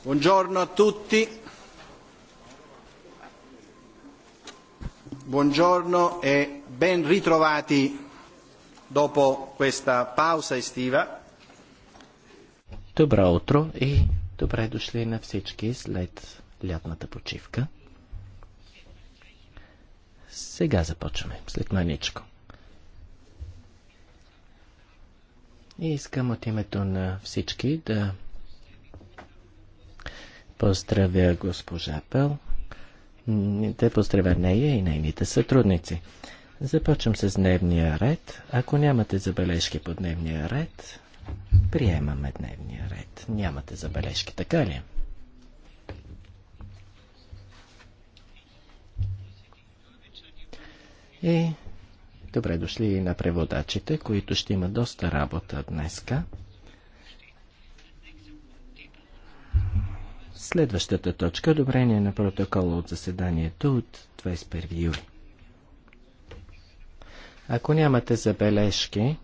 Buongiorno a tutti. Buongiorno e ben ritrovati dopo questa pausa estiva. Добро утро и добре дошли на всички след лятната почивка. Сега започваме, след маничко. И искам от името на всички да Поздравя госпожа Пел. Те поздравя нея и нейните сътрудници. Започвам с дневния ред. Ако нямате забележки по дневния ред, приемаме дневния ред. Нямате забележки, така ли? И добре дошли и на преводачите, които ще имат доста работа днеска. Следващата точка – одобрение на протокола от заседанието от 21 юли. Ако нямате забележки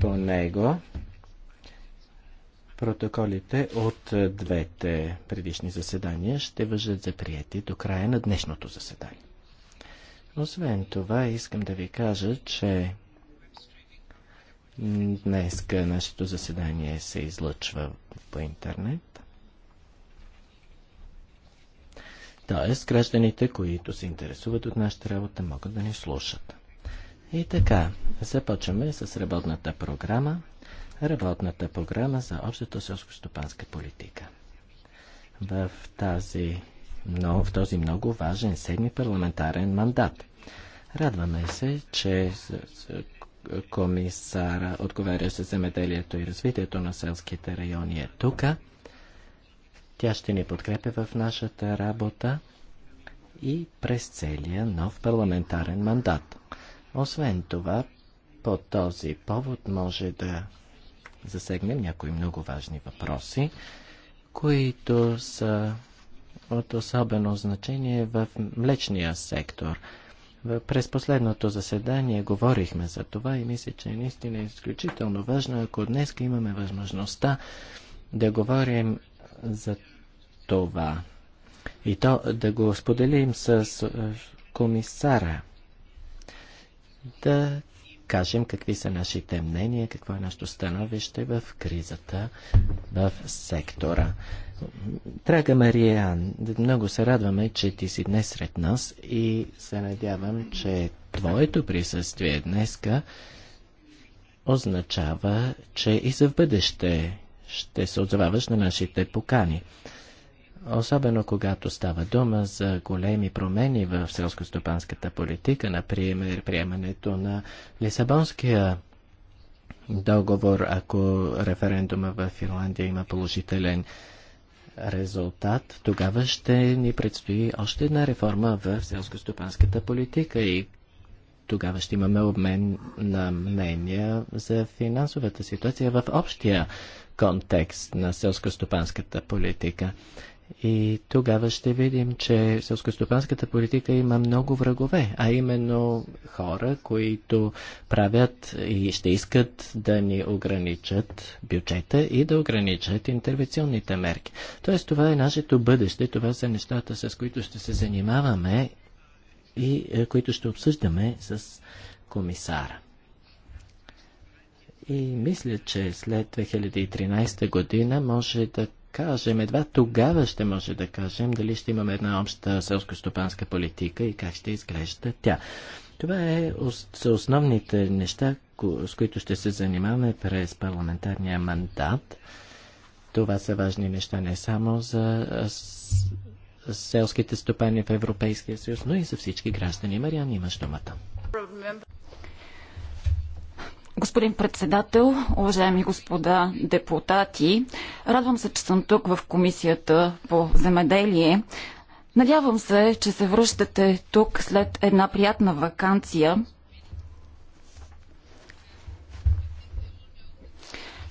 по него, протоколите от двете предишни заседания ще въжат за прияти до края на днешното заседание. Освен това, искам да ви кажа, че днес нашето заседание се излъчва по интернет. Тоест, гражданите, които се интересуват от нашата работа, могат да ни слушат. И така, започваме с работната програма. Работната програма за общата селско-стопанска политика. В, тази, но, в този много важен седми парламентарен мандат. Радваме се, че комисара, се за земеделието и развитието на селските райони е тук. Тя ще ни подкрепя в нашата работа и през целия нов парламентарен мандат. Освен това, по този повод може да засегнем някои много важни въпроси, които са от особено значение в млечния сектор. През последното заседание говорихме за това и мисля, че е наистина е изключително важно, ако днес имаме възможността да говорим за това. И то да го споделим с е, комисара. Да кажем какви са нашите мнения, какво е нашето становище в кризата в сектора. Драга Мариан, много се радваме, че ти си днес сред нас и се надявам, че твоето присъствие днеска означава, че и за в бъдеще ще се отзоваваш на нашите покани. Особено когато става дума за големи промени в селскостопанската политика, например приемането на Лисабонския договор, ако референдума в Финландия има положителен резултат, тогава ще ни предстои още една реформа в селскостопанската политика и тогава ще имаме обмен на мнения за финансовата ситуация в общия контекст на селскостопанската политика. И тогава ще видим, че селскостопанската политика има много врагове, а именно хора, които правят и ще искат да ни ограничат бюджета и да ограничат интервенционните мерки. Тоест това е нашето бъдеще, това са нещата, с които ще се занимаваме и е, които ще обсъждаме с комисара. И мисля, че след 2013 година може да кажем, едва тогава ще може да кажем дали ще имаме една обща селско-стопанска политика и как ще изглежда тя. Това е, са основните неща, с които ще се занимаваме през парламентарния мандат. Това са важни неща не само за селските стопани в Европейския съюз, но и за всички граждани. Мариан, имаш думата. Господин председател, уважаеми господа депутати, радвам се, че съм тук в Комисията по земеделие. Надявам се, че се връщате тук след една приятна вакансия.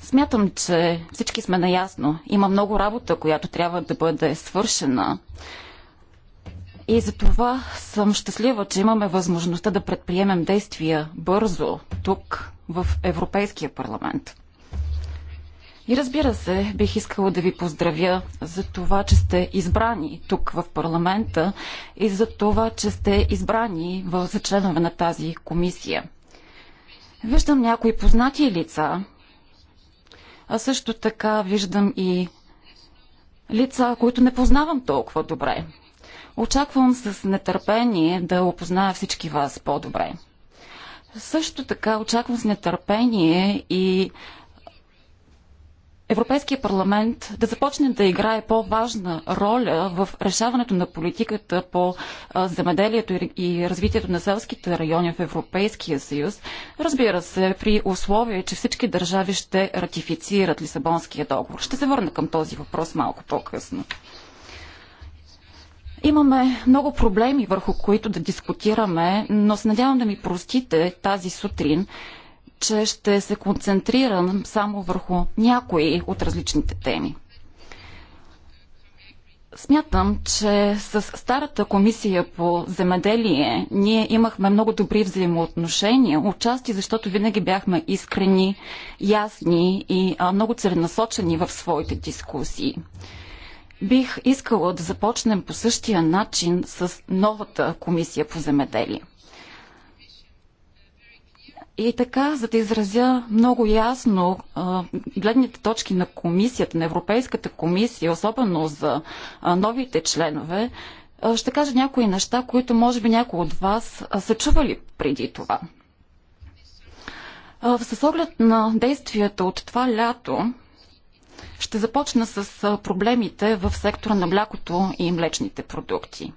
Смятам, че всички сме наясно. Има много работа, която трябва да бъде свършена. И за това съм щастлива, че имаме възможността да предприемем действия бързо тук в Европейския парламент. И разбира се, бих искала да ви поздравя за това, че сте избрани тук в парламента и за това, че сте избрани за членове на тази комисия. Виждам някои познати лица, а също така виждам и лица, които не познавам толкова добре. Очаквам с нетърпение да опозная всички вас по-добре. Също така очаквам с нетърпение и Европейския парламент да започне да играе по-важна роля в решаването на политиката по земеделието и развитието на селските райони в Европейския съюз. Разбира се, при условие, че всички държави ще ратифицират Лисабонския договор. Ще се върна към този въпрос малко по-късно. Имаме много проблеми, върху които да дискутираме, но се надявам да ми простите тази сутрин, че ще се концентрирам само върху някои от различните теми. Смятам, че с старата комисия по земеделие ние имахме много добри взаимоотношения, отчасти защото винаги бяхме искрени, ясни и много целенасочени в своите дискусии. Бих искала да започнем по същия начин с новата комисия по земеделие. И така, за да изразя много ясно гледните точки на комисията, на Европейската комисия, особено за новите членове, ще кажа някои неща, които може би някои от вас са чували преди това. с оглед на действията от това лято, ще започна с проблемите в сектора на млякото и млечните продукти.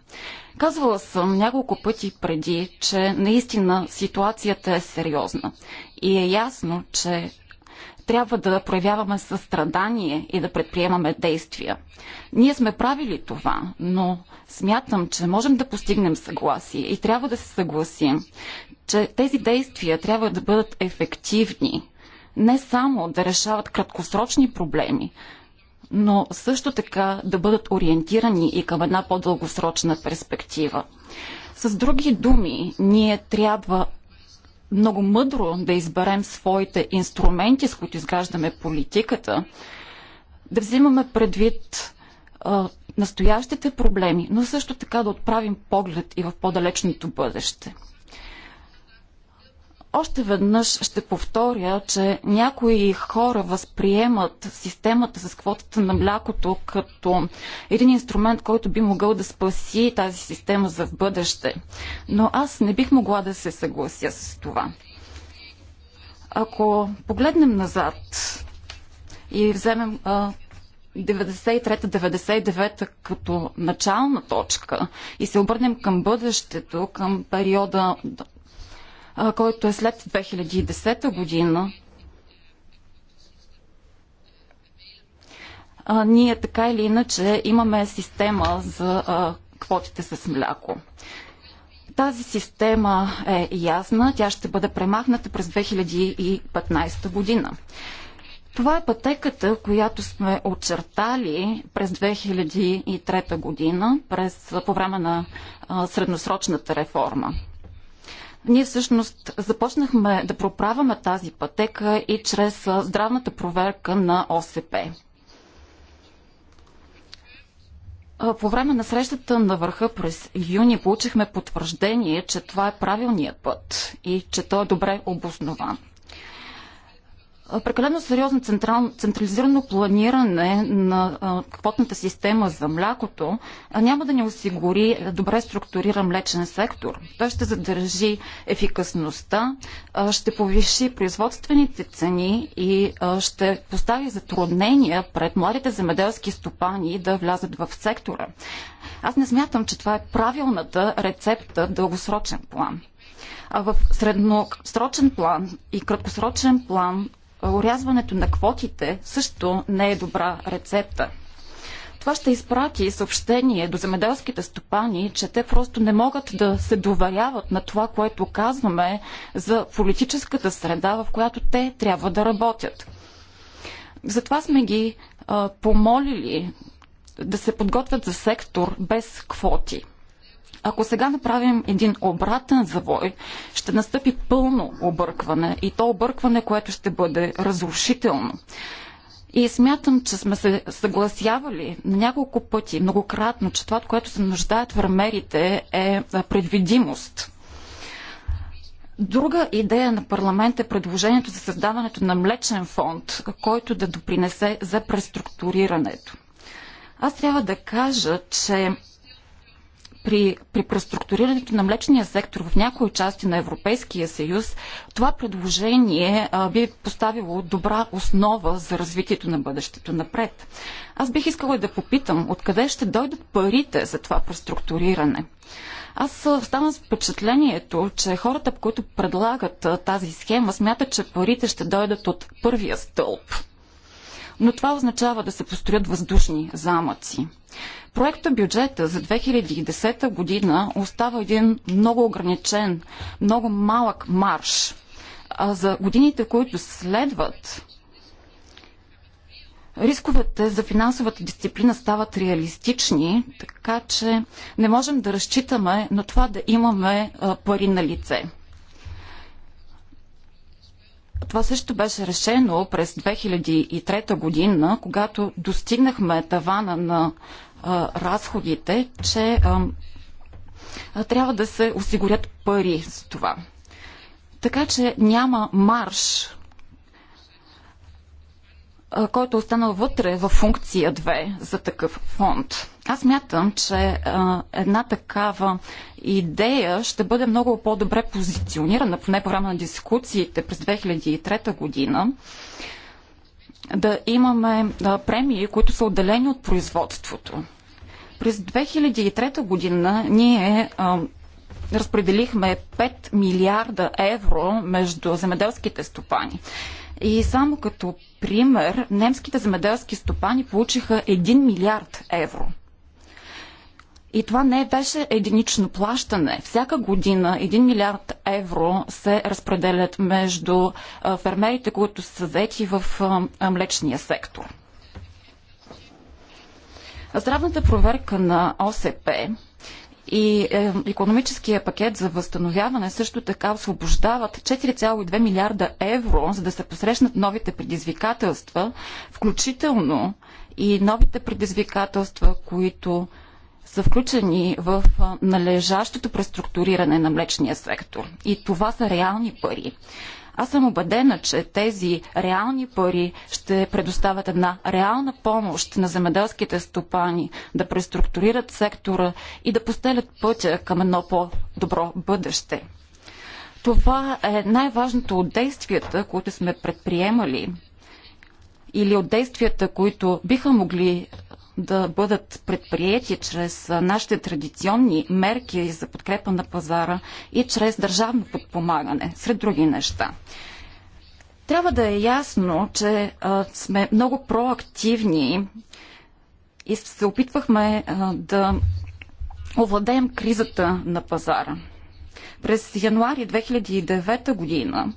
Казвала съм няколко пъти преди, че наистина ситуацията е сериозна и е ясно, че трябва да проявяваме състрадание и да предприемаме действия. Ние сме правили това, но смятам, че можем да постигнем съгласие и трябва да се съгласим, че тези действия трябва да бъдат ефективни, не само да решават краткосрочни проблеми, но също така да бъдат ориентирани и към една по-дългосрочна перспектива. С други думи, ние трябва много мъдро да изберем своите инструменти, с които изграждаме политиката, да взимаме предвид а, настоящите проблеми, но също така да отправим поглед и в по-далечното бъдеще. Още веднъж ще повторя, че някои хора възприемат системата с квотата на млякото като един инструмент, който би могъл да спаси тази система за в бъдеще. Но аз не бих могла да се съглася с това. Ако погледнем назад и вземем 93-99 като начална точка и се обърнем към бъдещето, към периода който е след 2010 година. Ние така или иначе имаме система за квотите с мляко. Тази система е ясна, тя ще бъде премахната през 2015 година. Това е пътеката, която сме очертали през 2003 година, през, по време на а, средносрочната реформа. Ние всъщност започнахме да проправяме тази пътека и чрез здравната проверка на ОСП. По време на срещата на върха през юни получихме потвърждение, че това е правилният път и че той е добре обоснован прекалено сериозно централ, централизирано планиране на квотната система за млякото няма да ни осигури добре структуриран млечен сектор. Той ще задържи ефикасността, ще повиши производствените цени и ще постави затруднения пред младите земеделски стопани да влязат в сектора. Аз не смятам, че това е правилната рецепта в дългосрочен план. А в средносрочен план и краткосрочен план урязването на квотите също не е добра рецепта. Това ще изпрати съобщение до земеделските стопани, че те просто не могат да се доверяват на това, което казваме за политическата среда, в която те трябва да работят. Затова сме ги а, помолили да се подготвят за сектор без квоти. Ако сега направим един обратен завой, ще настъпи пълно объркване и то объркване, което ще бъде разрушително. И смятам, че сме се съгласявали няколко пъти, многократно, че това, от което се нуждаят фермерите, е предвидимост. Друга идея на парламент е предложението за създаването на млечен фонд, който да допринесе за преструктурирането. Аз трябва да кажа, че при, при преструктурирането на млечния сектор в някои части на Европейския съюз, това предложение а, би поставило добра основа за развитието на бъдещето напред. Аз бих искала да попитам, откъде ще дойдат парите за това преструктуриране? Аз ставам с впечатлението, че хората, които предлагат а, тази схема, смятат, че парите ще дойдат от първия стълб. Но това означава да се построят въздушни замъци. Проекта бюджета за 2010 година остава един много ограничен, много малък марш. А за годините, които следват, рисковете за финансовата дисциплина стават реалистични, така че не можем да разчитаме на това да имаме пари на лице. Това също беше решено през 2003 година, когато достигнахме тавана на а, разходите, че а, а, трябва да се осигурят пари за това. Така че няма марш, който е останал вътре в функция 2 за такъв фонд. Аз мятам, че а, една такава идея ще бъде много по-добре позиционирана, поне по време на дискусиите през 2003 година, да имаме а, премии, които са отделени от производството. През 2003 година ние а, разпределихме 5 милиарда евро между земеделските стопани. И само като пример, немските земеделски стопани получиха 1 милиард евро – и това не беше единично плащане. Всяка година 1 милиард евро се разпределят между фермерите, които са заети в млечния сектор. Здравната проверка на ОСП и економическия пакет за възстановяване също така освобождават 4,2 милиарда евро, за да се посрещнат новите предизвикателства, включително и новите предизвикателства, които са включени в належащото преструктуриране на млечния сектор. И това са реални пари. Аз съм убедена, че тези реални пари ще предоставят една реална помощ на земеделските стопани да преструктурират сектора и да постелят пътя към едно по-добро бъдеще. Това е най-важното от действията, които сме предприемали или от действията, които биха могли да бъдат предприяти чрез нашите традиционни мерки за подкрепа на пазара и чрез държавно подпомагане, сред други неща. Трябва да е ясно, че а, сме много проактивни и се опитвахме а, да овладеем кризата на пазара. През януари 2009 година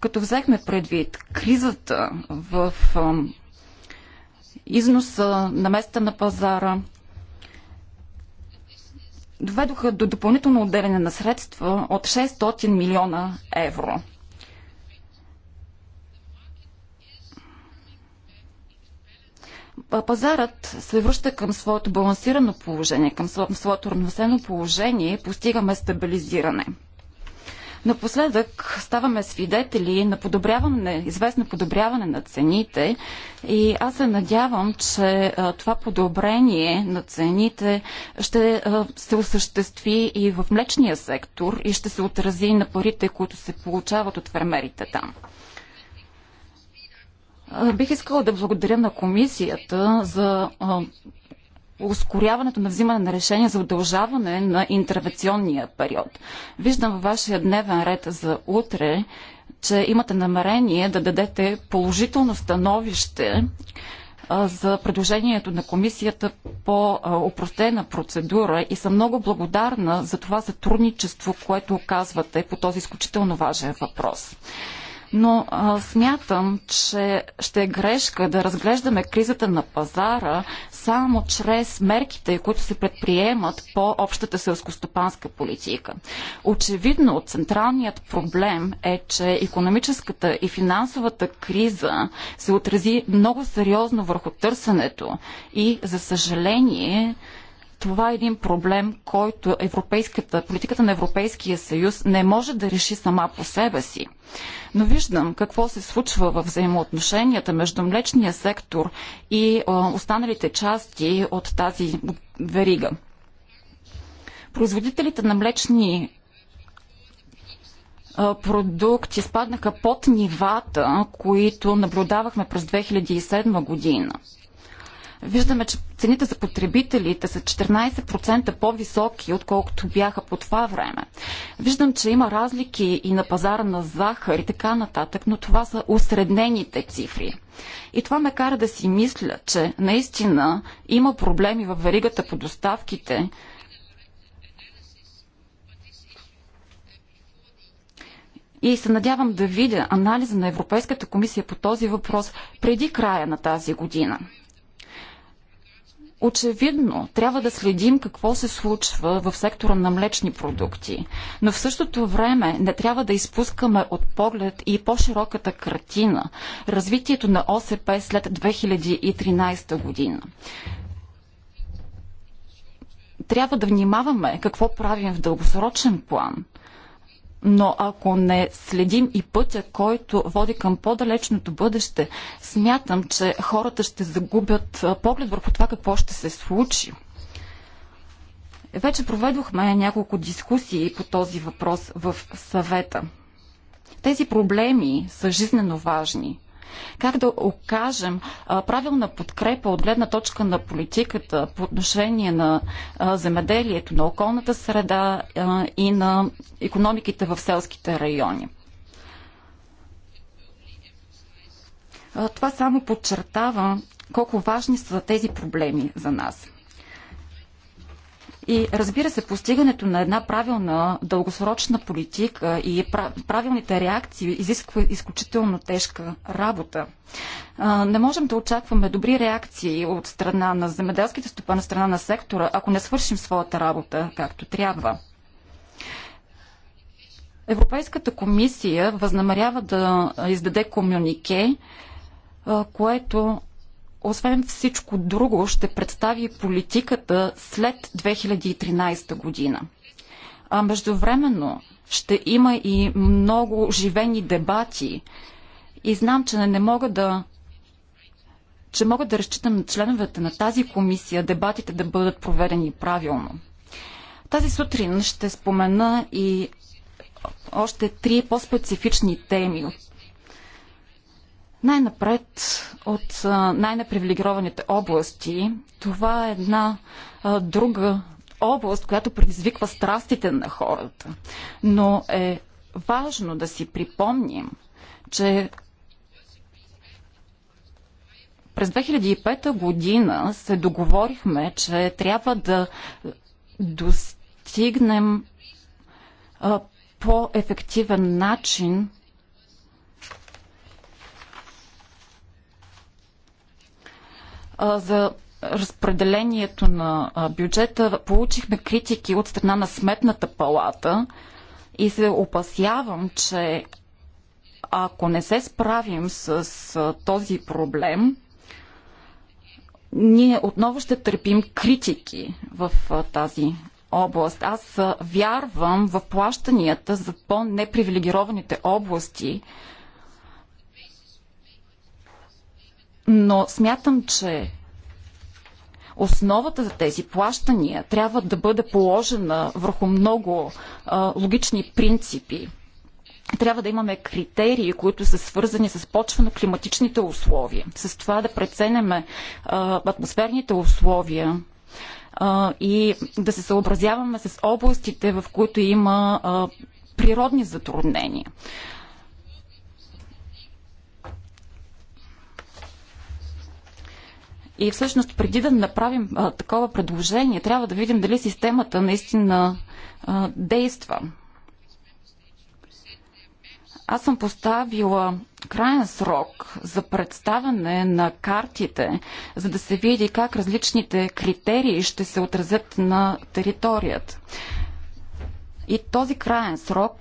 Като взехме предвид кризата в износа на места на пазара, доведоха до допълнително отделяне на средства от 600 милиона евро. пазарът се връща към своето балансирано положение, към своето равноценно положение, и постигаме стабилизиране. Напоследък ставаме свидетели на подобряване, известно подобряване на цените и аз се надявам, че това подобрение на цените ще се осъществи и в млечния сектор и ще се отрази на парите, които се получават от фермерите там. Бих искала да благодаря на комисията за ускоряването на взимане на решение за удължаване на интервенционния период. Виждам във вашия дневен ред за утре, че имате намерение да дадете положително становище за предложението на комисията по упростена процедура и съм много благодарна за това сътрудничество, което оказвате по този изключително важен въпрос но а, смятам, че ще е грешка да разглеждаме кризата на пазара само чрез мерките, които се предприемат по общата селскостопанска политика. Очевидно, централният проблем е, че економическата и финансовата криза се отрази много сериозно върху търсенето и, за съжаление, това е един проблем, който европейската, политиката на Европейския съюз не може да реши сама по себе си. Но виждам какво се случва в взаимоотношенията между млечния сектор и останалите части от тази верига. Производителите на млечни продукти спаднаха под нивата, които наблюдавахме през 2007 година виждаме, че цените за потребителите са 14% по-високи, отколкото бяха по това време. Виждам, че има разлики и на пазара на захар и така нататък, но това са осреднените цифри. И това ме кара да си мисля, че наистина има проблеми в веригата по доставките, И се надявам да видя анализа на Европейската комисия по този въпрос преди края на тази година. Очевидно, трябва да следим какво се случва в сектора на млечни продукти, но в същото време не трябва да изпускаме от поглед и по-широката картина развитието на ОСП след 2013 година. Трябва да внимаваме какво правим в дългосрочен план – но ако не следим и пътя, който води към по-далечното бъдеще, смятам, че хората ще загубят поглед върху това какво ще се случи. Вече проведохме няколко дискусии по този въпрос в съвета. Тези проблеми са жизнено важни как да окажем правилна подкрепа от гледна точка на политиката по отношение на земеделието, на околната среда и на економиките в селските райони. Това само подчертава колко важни са тези проблеми за нас. И разбира се, постигането на една правилна дългосрочна политика и правилните реакции изисква изключително тежка работа. Не можем да очакваме добри реакции от страна на земеделските стопа на страна на сектора, ако не свършим своята работа както трябва. Европейската комисия възнамерява да издаде комюнике, което освен всичко друго, ще представи политиката след 2013 година. А междувременно ще има и много живени дебати и знам, че не, не мога да че мога да разчитам на членовете на тази комисия дебатите да бъдат проведени правилно. Тази сутрин ще спомена и още три по-специфични теми от най-напред от най-непривилегированите области, това е една а, друга област, която предизвиква страстите на хората. Но е важно да си припомним, че през 2005 година се договорихме, че трябва да достигнем по-ефективен начин за разпределението на бюджета получихме критики от страна на Сметната палата и се опасявам, че ако не се справим с този проблем, ние отново ще търпим критики в тази област. Аз вярвам в плащанията за по-непривилегированите области, Но смятам, че основата за тези плащания трябва да бъде положена върху много а, логични принципи. Трябва да имаме критерии, които са свързани с на климатичните условия, с това да преценеме атмосферните условия а, и да се съобразяваме с областите, в които има а, природни затруднения. И всъщност преди да направим а, такова предложение, трябва да видим дали системата наистина а, действа. Аз съм поставила крайен срок за представяне на картите, за да се види как различните критерии ще се отразят на територията. И този крайен срок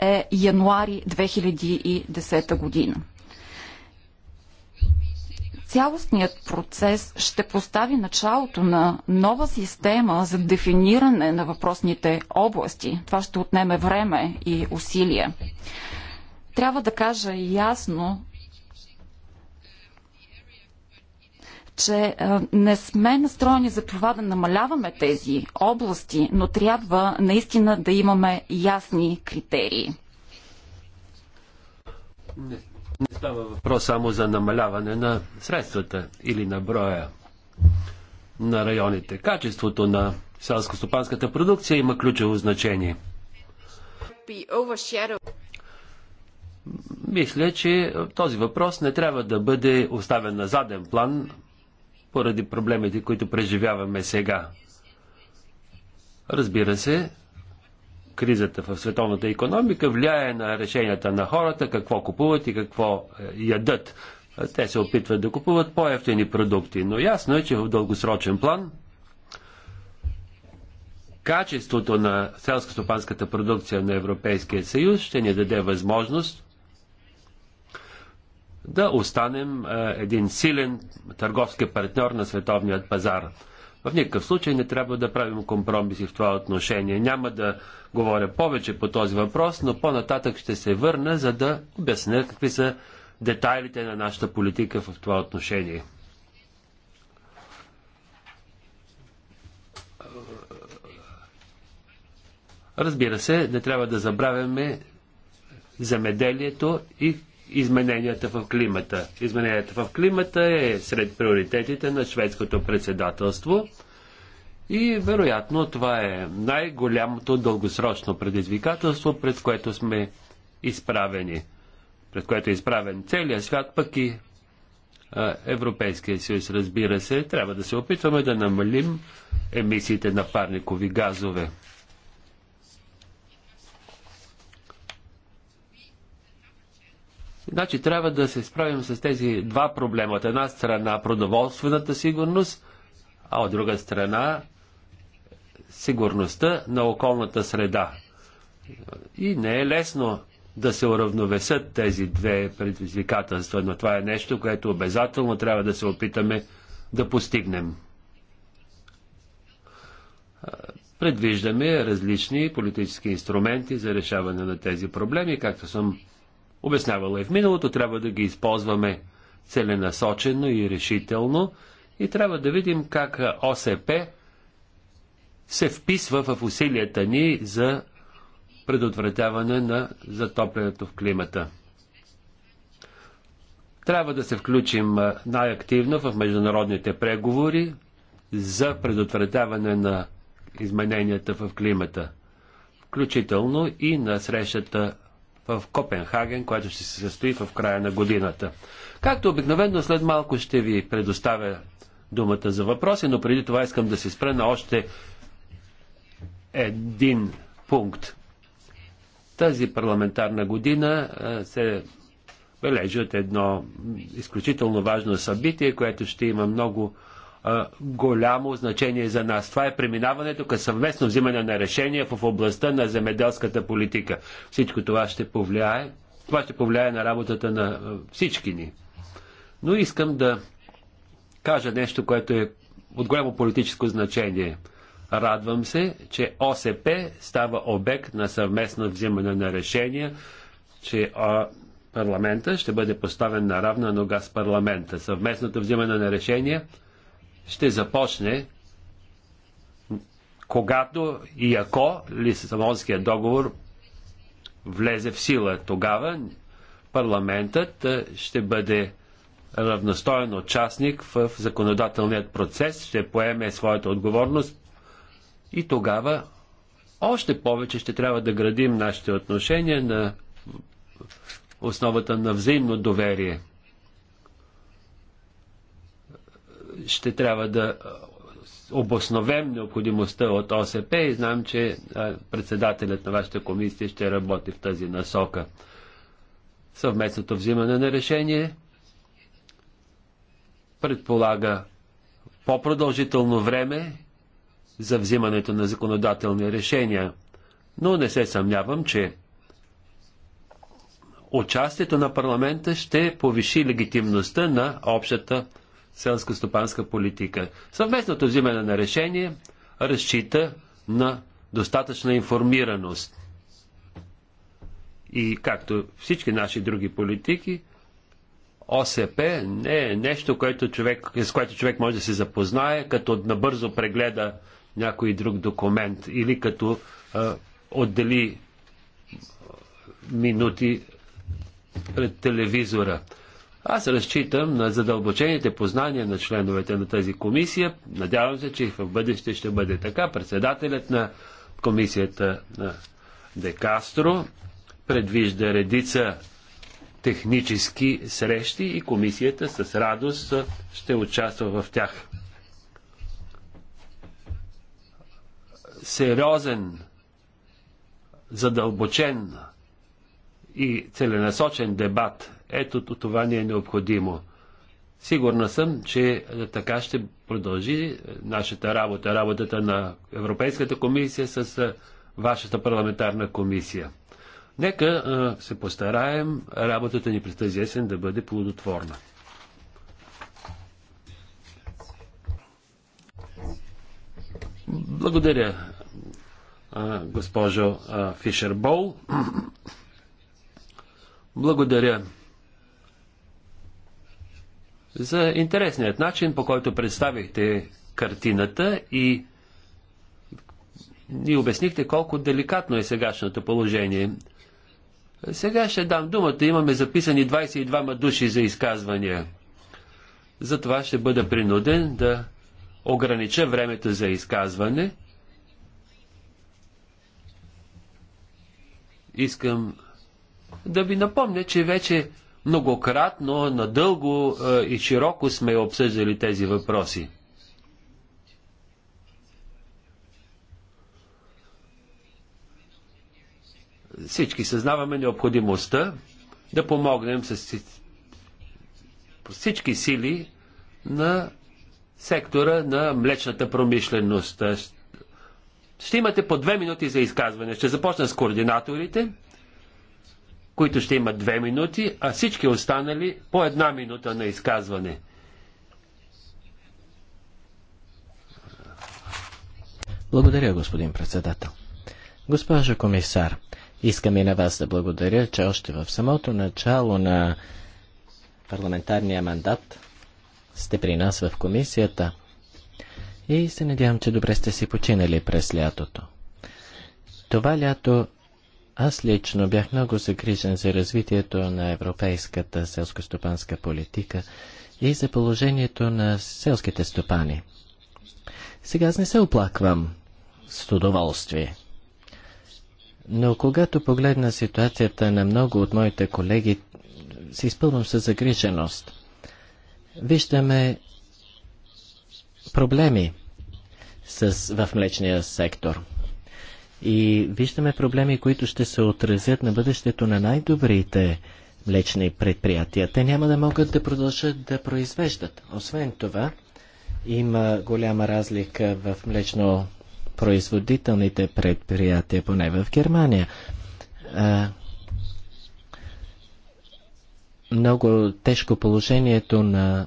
е януари 2010 година цялостният процес ще постави началото на нова система за дефиниране на въпросните области. Това ще отнеме време и усилие. Трябва да кажа ясно, че е, не сме настроени за това да намаляваме тези области, но трябва наистина да имаме ясни критерии. Не става въпрос само за намаляване на средствата или на броя на районите. Качеството на селско-стопанската продукция има ключово значение. Мисля, че този въпрос не трябва да бъде оставен на заден план поради проблемите, които преживяваме сега. Разбира се, кризата в световната економика влияе на решенията на хората, какво купуват и какво е, ядат. Те се опитват да купуват по-ефтини продукти, но ясно е, че в дългосрочен план качеството на селско-стопанската продукция на Европейския съюз ще ни даде възможност да останем е, един силен търговски партньор на световният пазар. В никакъв случай не трябва да правим компромиси в това отношение. Няма да говоря повече по този въпрос, но по-нататък ще се върна, за да обясня какви са детайлите на нашата политика в това отношение. Разбира се, не трябва да забравяме земеделието и измененията в климата. Измененията в климата е сред приоритетите на шведското председателство и вероятно това е най-голямото дългосрочно предизвикателство, пред което сме изправени, пред което е изправен целият свят, пък и Европейския съюз, разбира се, трябва да се опитваме да намалим емисиите на парникови газове. Значи трябва да се справим с тези два проблема. От една страна продоволствената сигурност, а от друга страна сигурността на околната среда. И не е лесно да се уравновесат тези две предизвикателства, но това е нещо, което обязателно трябва да се опитаме да постигнем. Предвиждаме различни политически инструменти за решаване на тези проблеми, както съм обяснявала и в миналото, трябва да ги използваме целенасочено и решително и трябва да видим как ОСП се вписва в усилията ни за предотвратяване на затоплянето в климата. Трябва да се включим най-активно в международните преговори за предотвратяване на измененията в климата, включително и на срещата в Копенхаген, която ще се състои в края на годината. Както обикновено, след малко ще ви предоставя думата за въпроси, но преди това искам да се спра на още един пункт. Тази парламентарна година се бележи от едно изключително важно събитие, което ще има много голямо значение за нас. Това е преминаването към съвместно взимане на решения в областта на земеделската политика. Всичко това ще повлияе, това ще повлияе на работата на всички ни. Но искам да кажа нещо, което е от голямо политическо значение. Радвам се, че ОСП става обект на съвместно взимане на решения, че парламента ще бъде поставен на равна нога с парламента. Съвместното взимане на решения – ще започне когато и ако Лисабонският договор влезе в сила. Тогава парламентът е, ще бъде равностоен участник в законодателният процес, ще поеме своята отговорност и тогава още повече ще трябва да градим нашите отношения на основата на взаимно доверие. ще трябва да обосновем необходимостта от ОСП и знам, че председателят на вашата комисия ще работи в тази насока. Съвместното взимане на решение предполага по-продължително време за взимането на законодателни решения, но не се съмнявам, че участието на парламента ще повиши легитимността на общата селско-стопанска политика. Съвместното взимане на решение разчита на достатъчна информираност. И както всички наши други политики, ОСП не е нещо, което човек, с което човек може да се запознае, като набързо прегледа някой друг документ или като а, отдели минути пред телевизора. Аз разчитам на задълбочените познания на членовете на тази комисия. Надявам се, че и в бъдеще ще бъде така. Председателят на комисията на Декастро предвижда редица технически срещи и комисията с радост ще участва в тях. Сериозен, задълбочен и целенасочен дебат ето това ни е необходимо. Сигурна съм, че е, така ще продължи е, нашата работа, работата на Европейската комисия с е, вашата парламентарна комисия. Нека се постараем работата ни през тази есен да бъде плодотворна. Благодаря, госпожо Фишербол. Благодаря за интересният начин, по който представихте картината и ни обяснихте колко деликатно е сегашното положение. Сега ще дам думата. Имаме записани 22 души за изказвания. Затова ще бъда принуден да огранича времето за изказване. Искам да ви напомня, че вече Многократно, надълго е, и широко сме обсъждали тези въпроси. Всички съзнаваме необходимостта да помогнем с всички сили на сектора на млечната промишленост. Ще имате по две минути за изказване. Ще започна с координаторите които ще имат две минути, а всички останали по една минута на изказване. Благодаря, господин председател. Госпожо комисар, искам и на вас да благодаря, че още в самото начало на парламентарния мандат сте при нас в комисията и се надявам, че добре сте си починали през лятото. Това лято аз лично бях много загрижен за развитието на европейската селско-стопанска политика и за положението на селските стопани. Сега аз не се оплаквам с удоволствие. Но когато погледна ситуацията на много от моите колеги, се изпълвам с загриженост. Виждаме проблеми с, в млечния сектор – и виждаме проблеми, които ще се отразят на бъдещето на най-добрите млечни предприятия. Те няма да могат да продължат да произвеждат. Освен това, има голяма разлика в млечно производителните предприятия, поне в Германия. А, много тежко положението на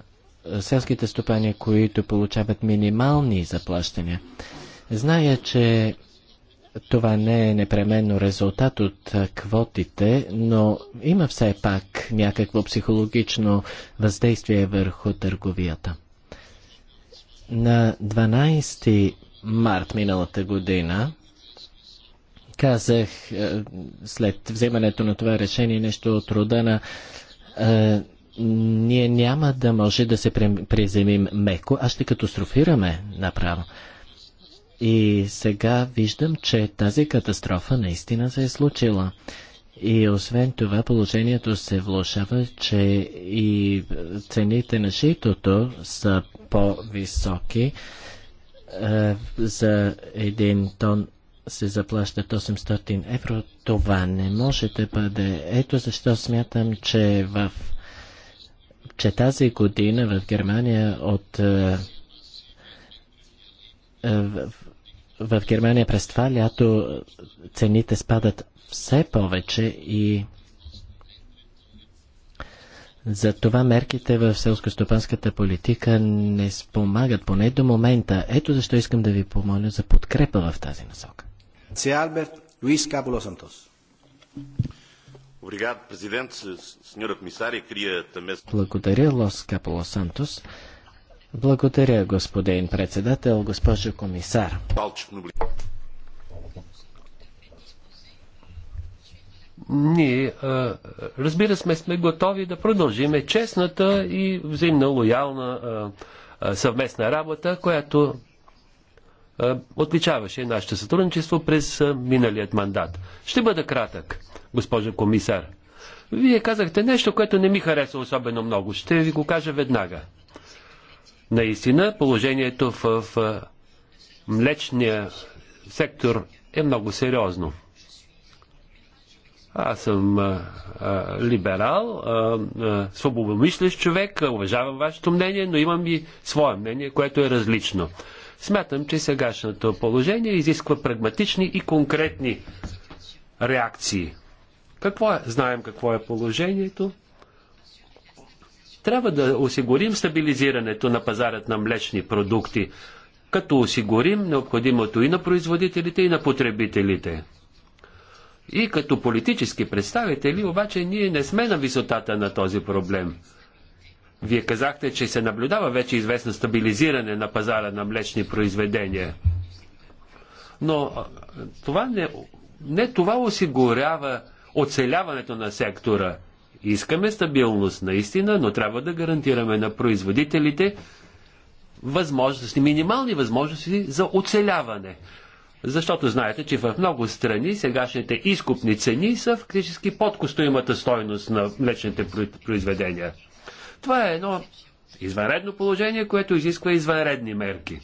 селските стопани, които получават минимални заплащания. Зная, че това не е непременно резултат от квотите, но има все пак някакво психологично въздействие върху търговията. На 12 март миналата година казах след вземането на това решение нещо от рода на ние няма да може да се приземим меко, а ще катастрофираме направо. И сега виждам, че тази катастрофа наистина се е случила. И освен това положението се влушава, че и цените на житото са по-високи. Е, за един тон се заплащат 800 евро. Това не може да бъде. Ето защо смятам, че в че тази година в Германия от е, е, в Германия през това лято е, цените спадат все повече и за това мерките в селско-стопанската политика не спомагат, поне до момента. Ето защо искам да ви помоля за подкрепа в тази насока. Благодаря, Лос Каполо Сантос. Благодаря, господин председател, госпожо комисар. Ние, разбира сме, сме готови да продължиме честната и взаимно лоялна съвместна работа, която отличаваше нашето сътрудничество през миналият мандат. Ще бъда кратък, госпожо комисар. Вие казахте нещо, което не ми хареса особено много. Ще ви го кажа веднага. Наистина, положението в, млечния сектор е много сериозно. Аз съм а, а, либерал, а, а, свободомислещ човек, уважавам вашето мнение, но имам и свое мнение, което е различно. Смятам, че сегашното положение изисква прагматични и конкретни реакции. Какво е? Знаем какво е положението. Трябва да осигурим стабилизирането на пазарът на млечни продукти, като осигурим необходимото и на производителите, и на потребителите. И като политически представители, обаче, ние не сме на висотата на този проблем. Вие казахте, че се наблюдава вече известно стабилизиране на пазара на млечни произведения. Но това не, не това осигурява оцеляването на сектора – Искаме стабилност наистина, но трябва да гарантираме на производителите възможности, минимални възможности за оцеляване. Защото знаете, че в много страни сегашните изкупни цени са фактически под костоимата стойност на млечните произведения. Това е едно извънредно положение, което изисква извънредни мерки.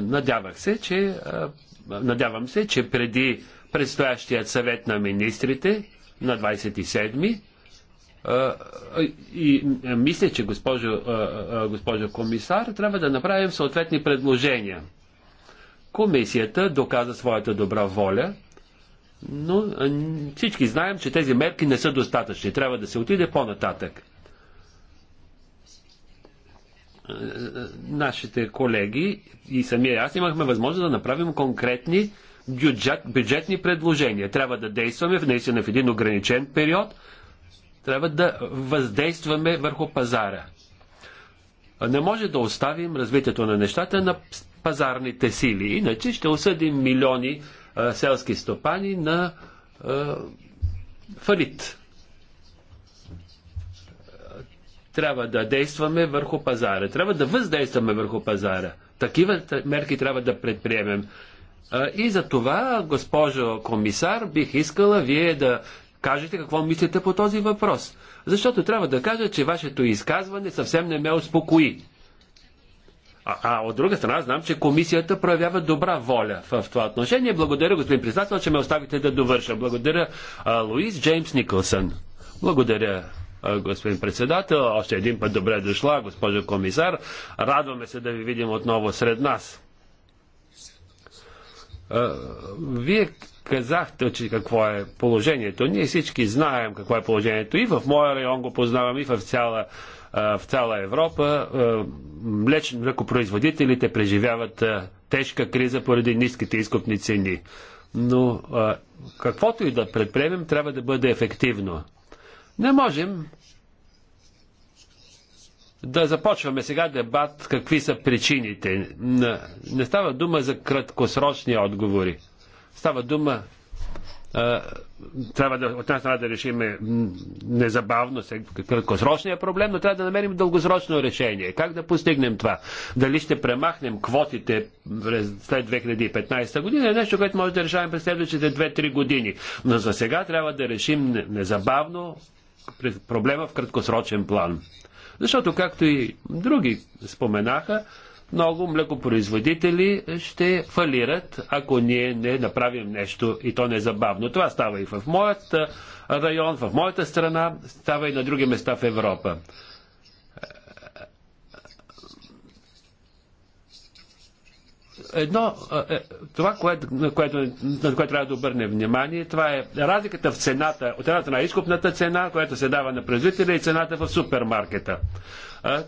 Надявах се, че, надявам се, че преди предстоящият съвет на министрите на 27-ми. И мисля, че госпожо, госпожо комисар, трябва да направим съответни предложения. Комисията доказа своята добра воля, но всички знаем, че тези мерки не са достатъчни. Трябва да се отиде по-нататък. Нашите колеги и самия аз имахме възможност да направим конкретни бюджет, бюджетни предложения. Трябва да действаме наистина в един ограничен период. Трябва да въздействаме върху пазара. Не може да оставим развитието на нещата на пазарните сили. Иначе ще осъдим милиони а, селски стопани на а, фалит. Трябва да действаме върху пазара. Трябва да въздействаме върху пазара. Такива мерки трябва да предприемем. И за това, госпожо комисар, бих искала вие да кажете какво мислите по този въпрос. Защото трябва да кажа, че вашето изказване съвсем не ме успокои. А, а от друга страна, знам, че комисията проявява добра воля в, в това отношение. Благодаря, господин председател, че ме оставите да довърша. Благодаря, а, Луис Джеймс Никълсън. Благодаря, а, господин председател. Още един път добре дошла, госпожо комисар. Радваме се да ви видим отново сред нас. Вие казахте, че какво е положението. Ние всички знаем какво е положението. И в моя район го познавам, и в цяла, в цяла Европа. Млеч, млекопроизводителите преживяват тежка криза поради ниските изкупни цени. Но каквото и да предприемем, трябва да бъде ефективно. Не можем да започваме сега дебат какви са причините. Не става дума за краткосрочни отговори. Става дума трябва да, от нас трябва да решим незабавно краткосрочния проблем, но трябва да намерим дългосрочно решение. Как да постигнем това? Дали ще премахнем квотите след 2015 година е нещо, което може да решаваме през следващите 2-3 години. Но за сега трябва да решим незабавно проблема в краткосрочен план. Защото, както и други споменаха, много млекопроизводители ще фалират, ако ние не направим нещо и то незабавно. Е Това става и в моят район, в моята страна, става и на други места в Европа. едно, е, това, което, на, което, на което трябва да обърнем внимание, това е разликата в цената, от едната на изкупната цена, която се дава на производителя и цената в супермаркета.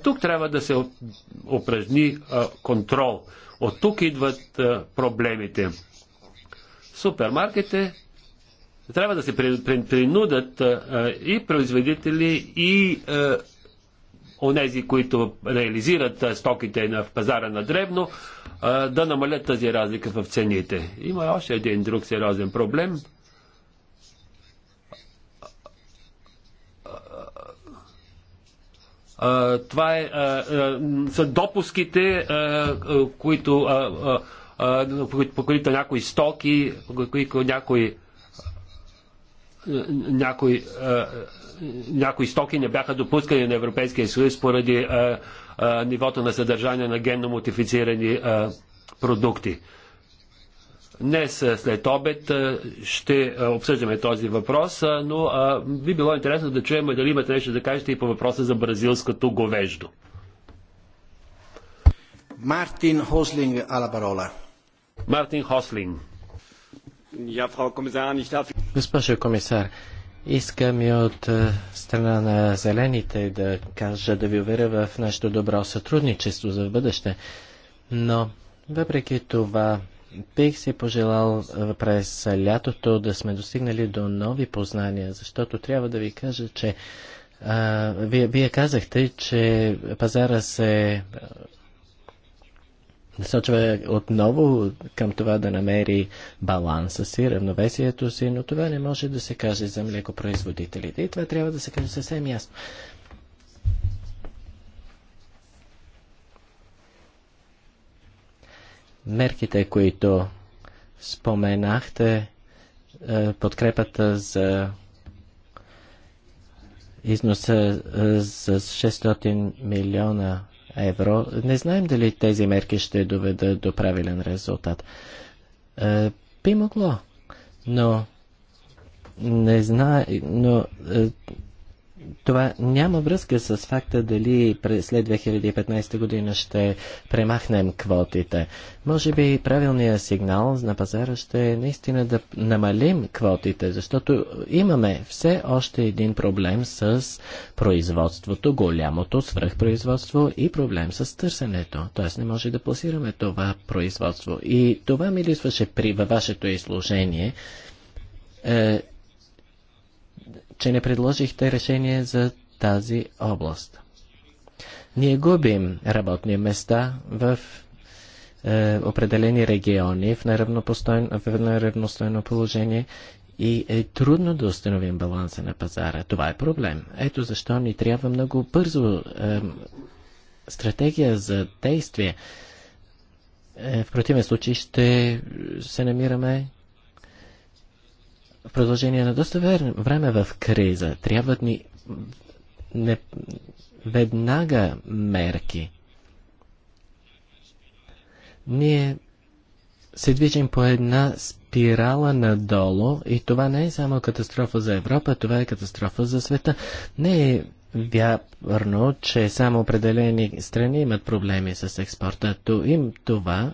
Тук трябва да се упражни контрол. От тук идват проблемите. Супермаркетите трябва да се принудат и производители, и онези, които реализират стоките на пазара на древно, да намалят тази разлика в цените. Има още един друг сериозен проблем. Това е, са допуските, които, по които някои стоки, които някои някои, е, някои стоки не бяха допускани на Европейския съюз поради е, е, нивото на съдържание на генно модифицирани продукти. Днес след обед ще обсъждаме този въпрос, но би било интересно да чуем дали имате нещо да кажете и по въпроса за бразилското говеждо. Мартин Хослинг, ала парола. Мартин Хослинг. Госпожо комисар, искам и от е, страна на зелените да кажа, да ви уверя в нашето добро сътрудничество за бъдеще. Но, въпреки това, бих си пожелал е, през лятото да сме достигнали до нови познания, защото трябва да ви кажа, че а, е, вие, вие казахте, че пазара се насочва отново към това да намери баланса си, равновесието си, но това не може да се каже за млекопроизводителите. И това трябва да се каже съвсем ясно. Мерките, които споменахте, е, подкрепата за износа е, с 600 милиона евро. Не знаем дали тези мерки ще доведат до правилен резултат. Е, би могло, но не знае, но е, това няма връзка с факта дали след 2015 година ще премахнем квотите. Може би правилният сигнал на пазара ще е наистина да намалим квотите, защото имаме все още един проблем с производството, голямото свръхпроизводство и проблем с търсенето. Т.е. не може да пласираме това производство. И това ми лисваше при във вашето изложение. Е, че не предложихте решение за тази област. Ние губим работни места в е, определени региони в неравностойно, положение и е трудно да установим баланса на пазара. Това е проблем. Ето защо ни трябва много бързо е, стратегия за действие. Е, в противен случай ще се намираме в продължение на доста време в криза. Трябват ни не, веднага мерки. Ние се движим по една спирала надолу и това не е само катастрофа за Европа, това е катастрофа за света. Не е вярно, че само определени страни имат проблеми с експорта. То им това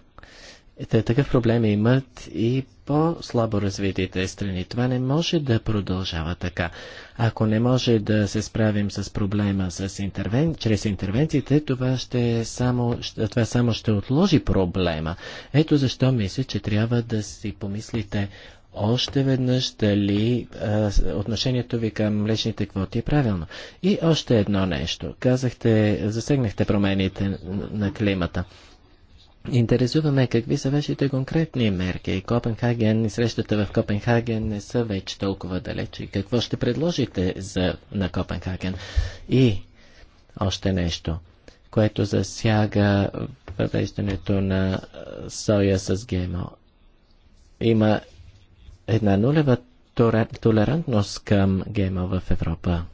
те, такъв проблем имат и по-слабо развитите страни. Това не може да продължава така. Ако не може да се справим с проблема с интервен... чрез интервенциите, това, ще само... това само ще отложи проблема. Ето защо мисля, че трябва да си помислите още веднъж дали а, отношението ви към млечните квоти е правилно. И още едно нещо. Казахте, засегнахте промените на климата. Интересуваме какви са вашите конкретни мерки. Копенхаген и срещата в Копенхаген не са вече толкова далече. Какво ще предложите за, на Копенхаген? И още нещо, което засяга въвеждането на соя с Гемо. Има една нулева толерантност към гемо в Европа.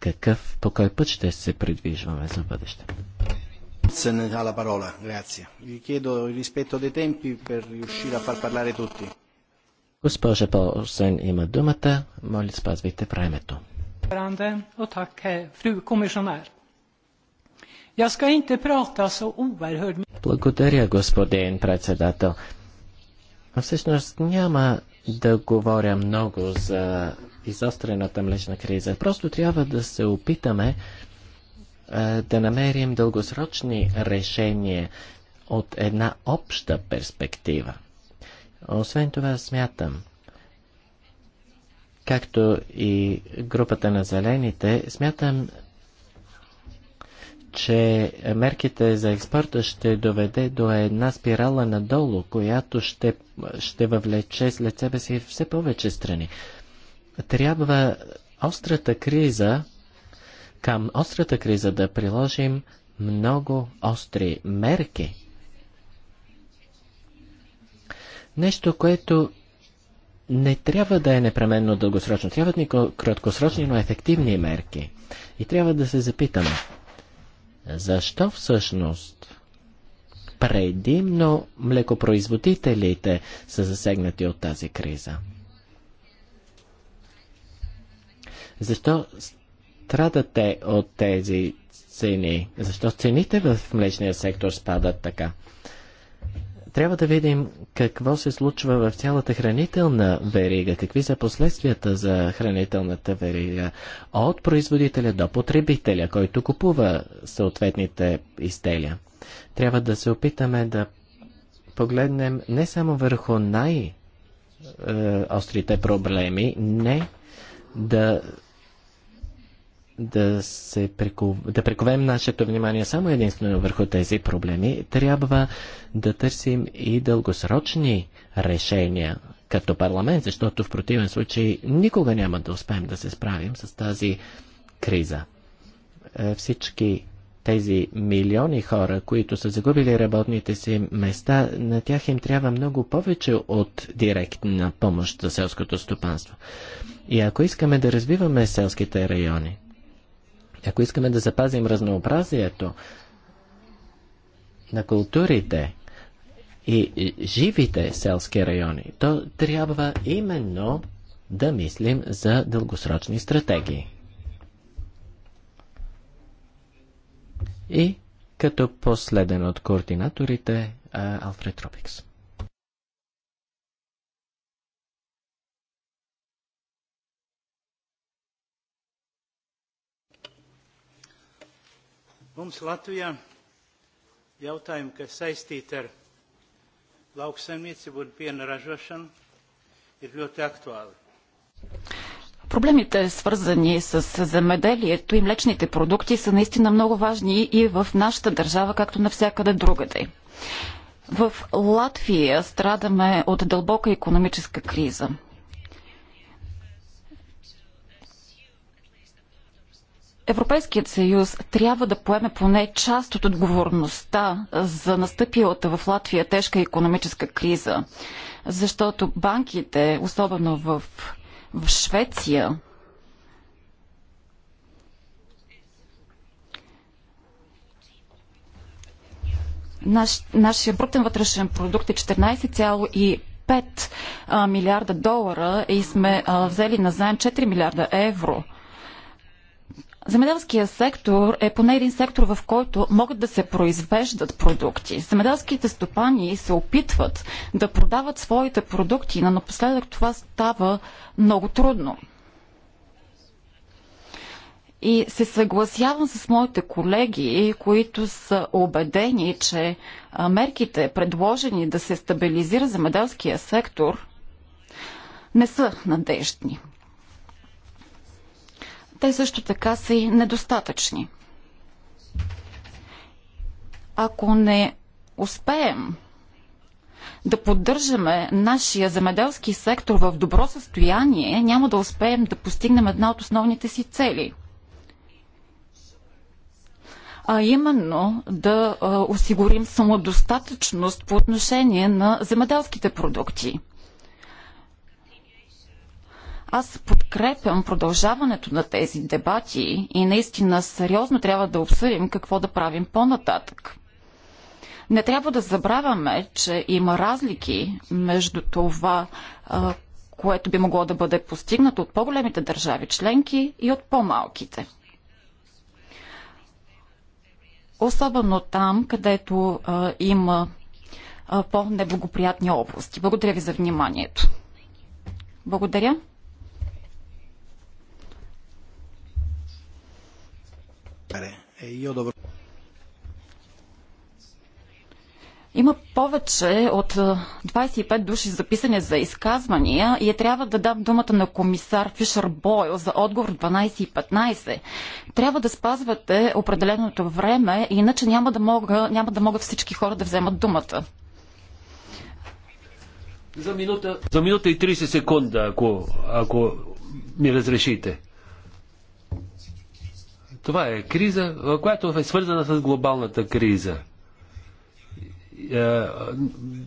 Какъв, по кой път ще се придвижваме за бъдеще? ha la parola, grazie. Vi chiedo il rispetto dei tempi per riuscire a far parlare tutti. Госпожа има думата. Моля, спазвайте времето. Eh, Благодаря, господин председател. Всъщност няма да говоря много за изострената млечна криза. Просто трябва да се опитаме да намерим дългосрочни решения от една обща перспектива. Освен това смятам, както и групата на зелените, смятам, че мерките за експорта ще доведе до една спирала надолу, която ще, ще въвлече след себе си все повече страни. Трябва острата криза към острата криза да приложим много остри мерки. Нещо, което не трябва да е непременно дългосрочно. Трябват ни краткосрочни, но ефективни мерки. И трябва да се запитаме, защо всъщност предимно млекопроизводителите са засегнати от тази криза? Защо страдате от тези цени? Защо цените в млечния сектор спадат така? Трябва да видим какво се случва в цялата хранителна верига, какви са последствията за хранителната верига от производителя до потребителя, който купува съответните изделия. Трябва да се опитаме да погледнем не само върху най-острите е, проблеми, не да да, се преков... да прековем нашето внимание само единствено върху тези проблеми, трябва да търсим и дългосрочни решения като парламент, защото в противен случай никога няма да успеем да се справим с тази криза. Е, всички тези милиони хора, които са загубили работните си места, на тях им трябва много повече от директна помощ за селското стопанство. И ако искаме да развиваме селските райони, ако искаме да запазим разнообразието на културите и живите селски райони, то трябва именно да мислим за дългосрочни стратегии. И като последен от координаторите Алфред Тропикс. Mums Latvijā jautājumi, kas saistīti ar lauksaimniecību un piena ražošanu, ir ļoti aktuāli. Проблемите, свързани с земеделието и млечните продукти, са наистина много важни и в нашата държава, както навсякъде другаде. В Латвия страдаме от дълбока економическа криза. Европейският съюз трябва да поеме поне част от отговорността за настъпилата в Латвия тежка економическа криза, защото банките, особено в, в Швеция, Наш, нашия брутен вътрешен продукт е 14,5 5 милиарда долара и сме а, взели назаем 4 милиарда евро. Земеделският сектор е поне един сектор, в който могат да се произвеждат продукти. Земеделските стопани се опитват да продават своите продукти, но напоследък това става много трудно. И се съгласявам с моите колеги, които са убедени, че мерките, предложени да се стабилизира земеделския сектор, не са надеждни те също така са и недостатъчни. Ако не успеем да поддържаме нашия земеделски сектор в добро състояние, няма да успеем да постигнем една от основните си цели. А именно да осигурим самодостатъчност по отношение на земеделските продукти – аз подкрепям продължаването на тези дебати и наистина сериозно трябва да обсъдим какво да правим по-нататък. Не трябва да забравяме, че има разлики между това, което би могло да бъде постигнато от по-големите държави членки и от по-малките. Особено там, където а, има по-неблагоприятни области. Благодаря ви за вниманието. Благодаря. Е, Има повече от 25 е, души записани за изказвания и е трябва да дам думата на комисар Фишер Бойл за отговор 12 и 15. Трябва да спазвате определеното време, иначе няма да, мога, няма да могат всички хора да вземат думата. За минута, за минута и 30 секунда, ако, ако ми разрешите. Това е криза, която е свързана с глобалната криза. Е,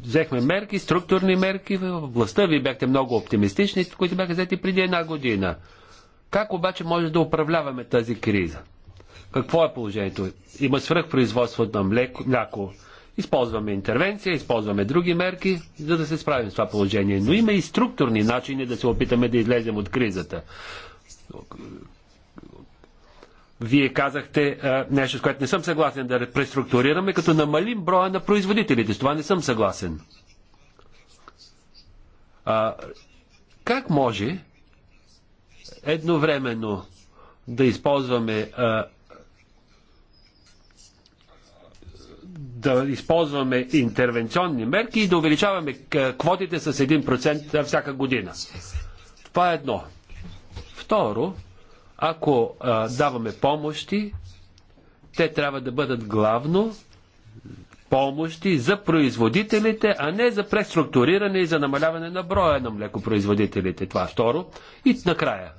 взехме мерки, структурни мерки. В областта вие бяхте много оптимистични, които бяха взети преди една година. Как обаче може да управляваме тази криза? Какво е положението? Има свръхпроизводство на млеко, мляко. Използваме интервенция, използваме други мерки, за да се справим с това положение. Но има и структурни начини да се опитаме да излезем от кризата. Вие казахте а, нещо, с което не съм съгласен да преструктурираме, като намалим броя на производителите. С това не съм съгласен. А, как може едновременно да използваме а, да използваме интервенционни мерки и да увеличаваме квотите с 1% всяка година. Това е едно. Второ, ако а, даваме помощи, те трябва да бъдат главно помощи за производителите, а не за преструктуриране и за намаляване на броя на млекопроизводителите. Това е второ. И накрая.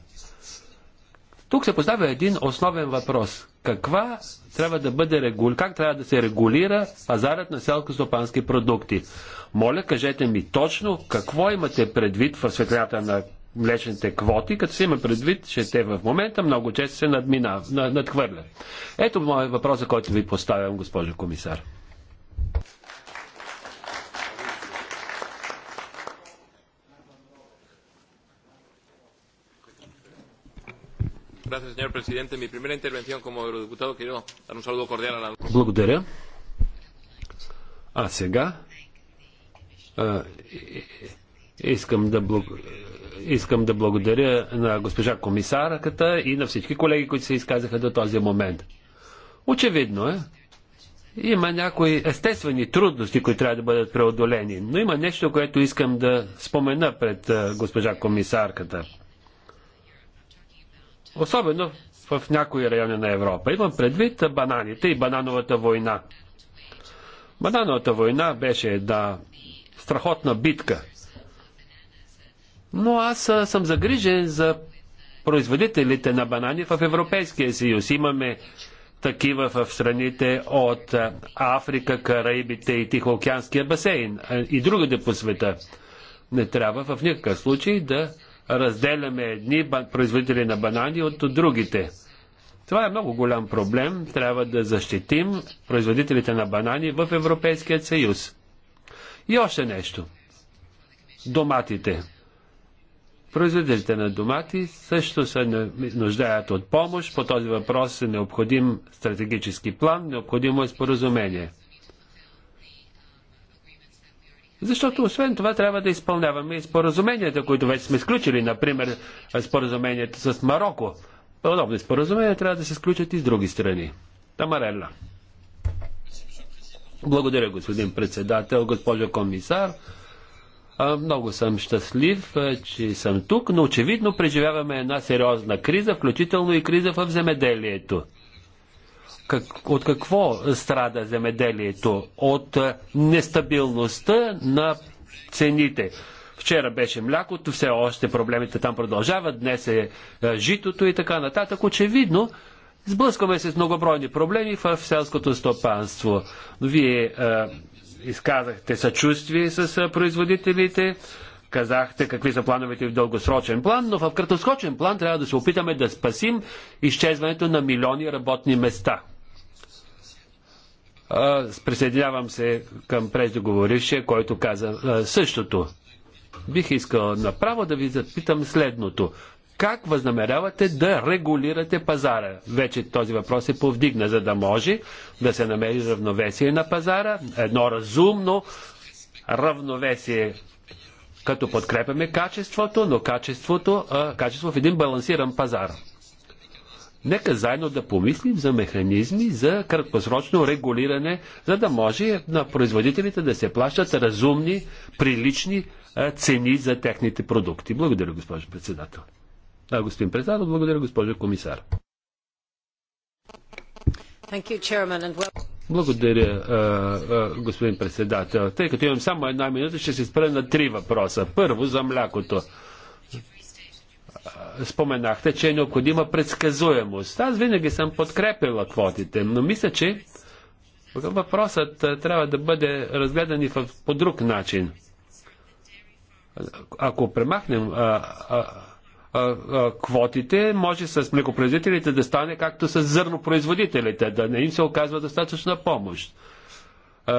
Тук се поставя един основен въпрос. Каква трябва да бъде регули... Как трябва да се регулира пазарът на селско стопански продукти? Моля, кажете ми точно какво имате предвид в светлината на млечните квоти, като се има предвид, че те в момента много често се надминав, надхвърлят. Ето моят въпрос, за който ви поставям, госпожо комисар. Благодаря. А сега а, искам да благодаря искам да благодаря на госпожа комисарката и на всички колеги, които се изказаха до този момент. Очевидно е, има някои естествени трудности, които трябва да бъдат преодолени, но има нещо, което искам да спомена пред госпожа комисарката. Особено в някои райони на Европа. Имам предвид бананите и банановата война. Банановата война беше една страхотна битка – но аз съм загрижен за производителите на банани в Европейския съюз. Имаме такива в страните от Африка, Караибите и Тихоокеанския басейн и другите по света. Не трябва в никакъв случай да разделяме едни производители на банани от другите. Това е много голям проблем. Трябва да защитим производителите на банани в Европейския съюз. И още нещо. Доматите. Производителите на домати също се нуждаят от помощ. По този въпрос е необходим стратегически план, необходимо е споразумение. Защото освен това трябва да изпълняваме и споразуменията, които вече сме сключили, например споразумението с Марокко. Подобни споразумения трябва да се сключат и с други страни. Тамарелла. Благодаря, господин председател, госпожо комисар. Много съм щастлив, че съм тук, но очевидно преживяваме една сериозна криза, включително и криза в земеделието. Как, от какво страда земеделието? От нестабилността на цените. Вчера беше млякото, все още проблемите там продължават, днес е житото и така нататък. Очевидно, сблъскваме се с многобройни проблеми в селското стопанство. Вие изказахте съчувствие с производителите, казахте какви са плановете в дългосрочен план, но в краткосрочен план трябва да се опитаме да спасим изчезването на милиони работни места. Присъединявам се към преждеговорившия, който каза същото. Бих искал направо да ви запитам следното. Как възнамерявате да регулирате пазара? Вече този въпрос се повдигна, за да може да се намери равновесие на пазара, едно разумно равновесие като подкрепяме качеството, но качеството, а, качество в един балансиран пазар. Нека заедно да помислим за механизми за краткосрочно регулиране, за да може на производителите да се плащат разумни, прилични а, цени за техните продукти. Благодаря, госпожо председател. Да, господин председател, благодаря, госпожа комисар. Благодаря, господин председател. Тъй като имам само една минута, ще се спра на три въпроса. Първо за млякото. Споменахте, че е необходима предсказуемост. Аз винаги съм подкрепила квотите, но мисля, че въпросът трябва да бъде разгледан и по друг начин. Ако премахнем а, а, квотите, може с млекопроизводителите да стане както с зърнопроизводителите, да не им се оказва достатъчна помощ.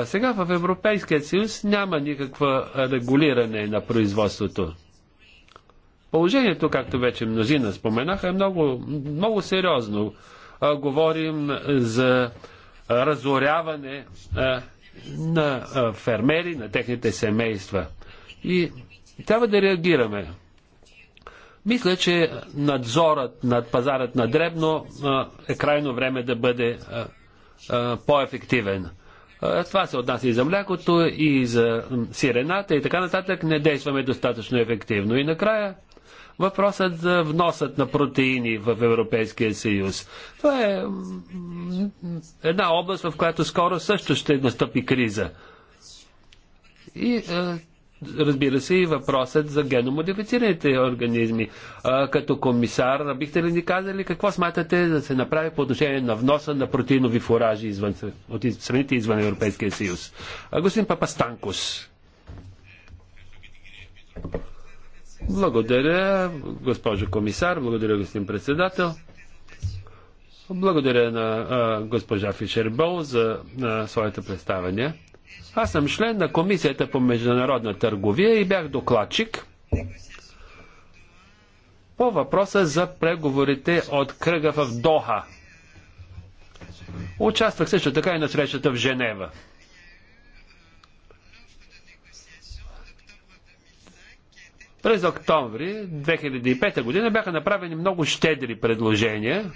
Сега в Европейския съюз няма никаква регулиране на производството. Положението, както вече мнозина споменаха, е много, много сериозно. А, говорим за разоряване а, на а, фермери, на техните семейства. И трябва да реагираме. Мисля, че надзорът над пазарът на дребно е крайно време да бъде по-ефективен. Това се отнася и за млякото, и за сирената и така нататък. Не действаме достатъчно ефективно. И накрая въпросът за вносът на протеини в Европейския съюз. Това е една област, в която скоро също ще настъпи криза. И разбира се, и въпросът за геномодифицираните организми. А, като комисар, бихте ли ни казали какво смятате да се направи по отношение на вноса на протеинови фуражи извън, от страните извън Европейския съюз? А, господин Папастанкус. Благодаря, госпожо комисар, благодаря, господин председател. Благодаря на а, госпожа Фишербол за своите представяне. Аз съм член на Комисията по международна търговия и бях докладчик по въпроса за преговорите от кръга в Доха. Участвах също така и на срещата в Женева. През октомври 2005 година бяха направени много щедри предложения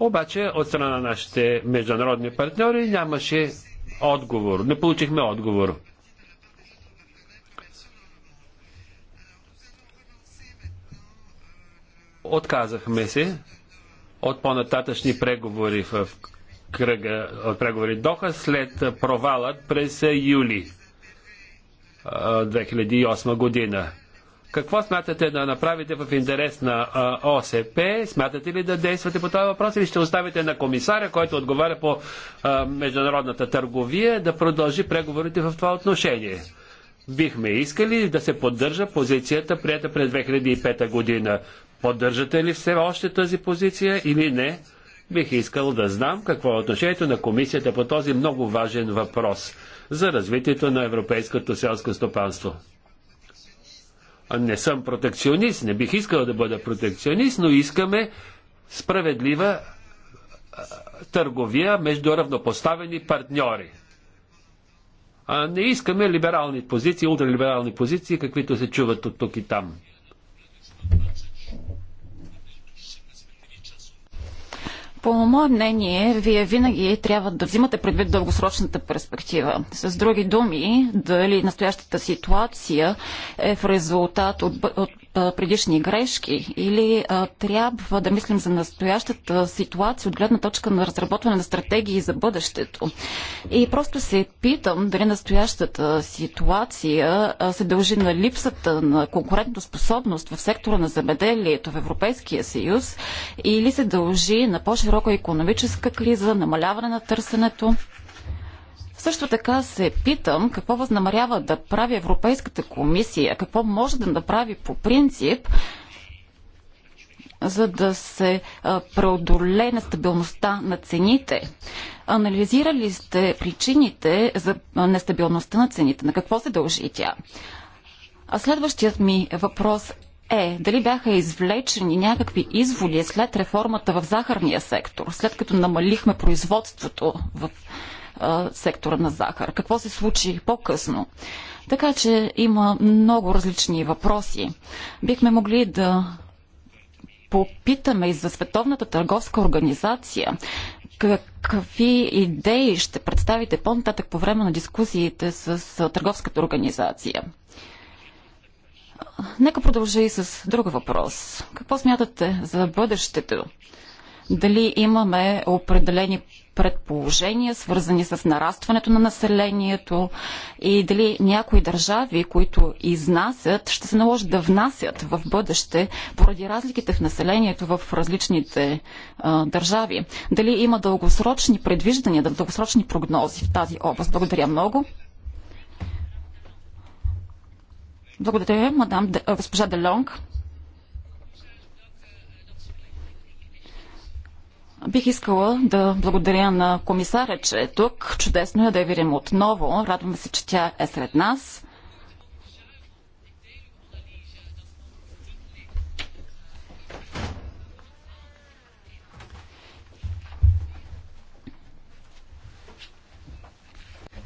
обаче от страна на нашите международни партньори нямаше отговор. Не получихме отговор. Отказахме се от по-нататъчни преговори в кръга от преговори Доха след провалът през юли 2008 година. Какво смятате да направите в интерес на ОСП? Смятате ли да действате по този въпрос или ще оставите на комисаря, който отговаря по международната търговия, да продължи преговорите в това отношение? Бихме искали да се поддържа позицията, прията през 2005 година. Поддържате ли все още тази позиция или не? Бих искал да знам какво е отношението на комисията по този много важен въпрос за развитието на европейското селско стопанство не съм протекционист, не бих искал да бъда протекционист, но искаме справедлива търговия между равнопоставени партньори. А не искаме либерални позиции, ултралиберални позиции, каквито се чуват от тук и там. По мое мнение, вие винаги трябва да взимате предвид дългосрочната перспектива. С други думи, дали настоящата ситуация е в резултат от, от предишни грешки или а, трябва да мислим за настоящата ситуация от гледна точка на разработване на стратегии за бъдещето. И просто се питам дали настоящата ситуация а, се дължи на липсата на конкурентоспособност в сектора на земеделието в Европейския съюз или се дължи на по-широка економическа криза, намаляване на търсенето. Също така се питам какво възнамерява да прави Европейската комисия, какво може да направи по принцип, за да се преодолее нестабилността на цените. Анализирали сте причините за нестабилността на цените? На какво се дължи тя? А следващият ми въпрос е дали бяха извлечени някакви изволи след реформата в захарния сектор, след като намалихме производството в сектора на захар. Какво се случи по-късно? Така че има много различни въпроси. Бихме могли да попитаме и за Световната търговска организация какви идеи ще представите по-нататък по време на дискусиите с търговската организация. Нека продължа и с друг въпрос. Какво смятате за бъдещето? Дали имаме определени предположения, свързани с нарастването на населението и дали някои държави, които изнасят, ще се наложи да внасят в бъдеще поради разликите в населението в различните а, държави. Дали има дългосрочни предвиждания, дългосрочни прогнози в тази област. Благодаря много. Благодаря, мадам, госпожа Делонг. Бих искала да благодаря на комисаря, че е тук. Чудесно е да я видим отново. Радваме се, че тя е сред нас.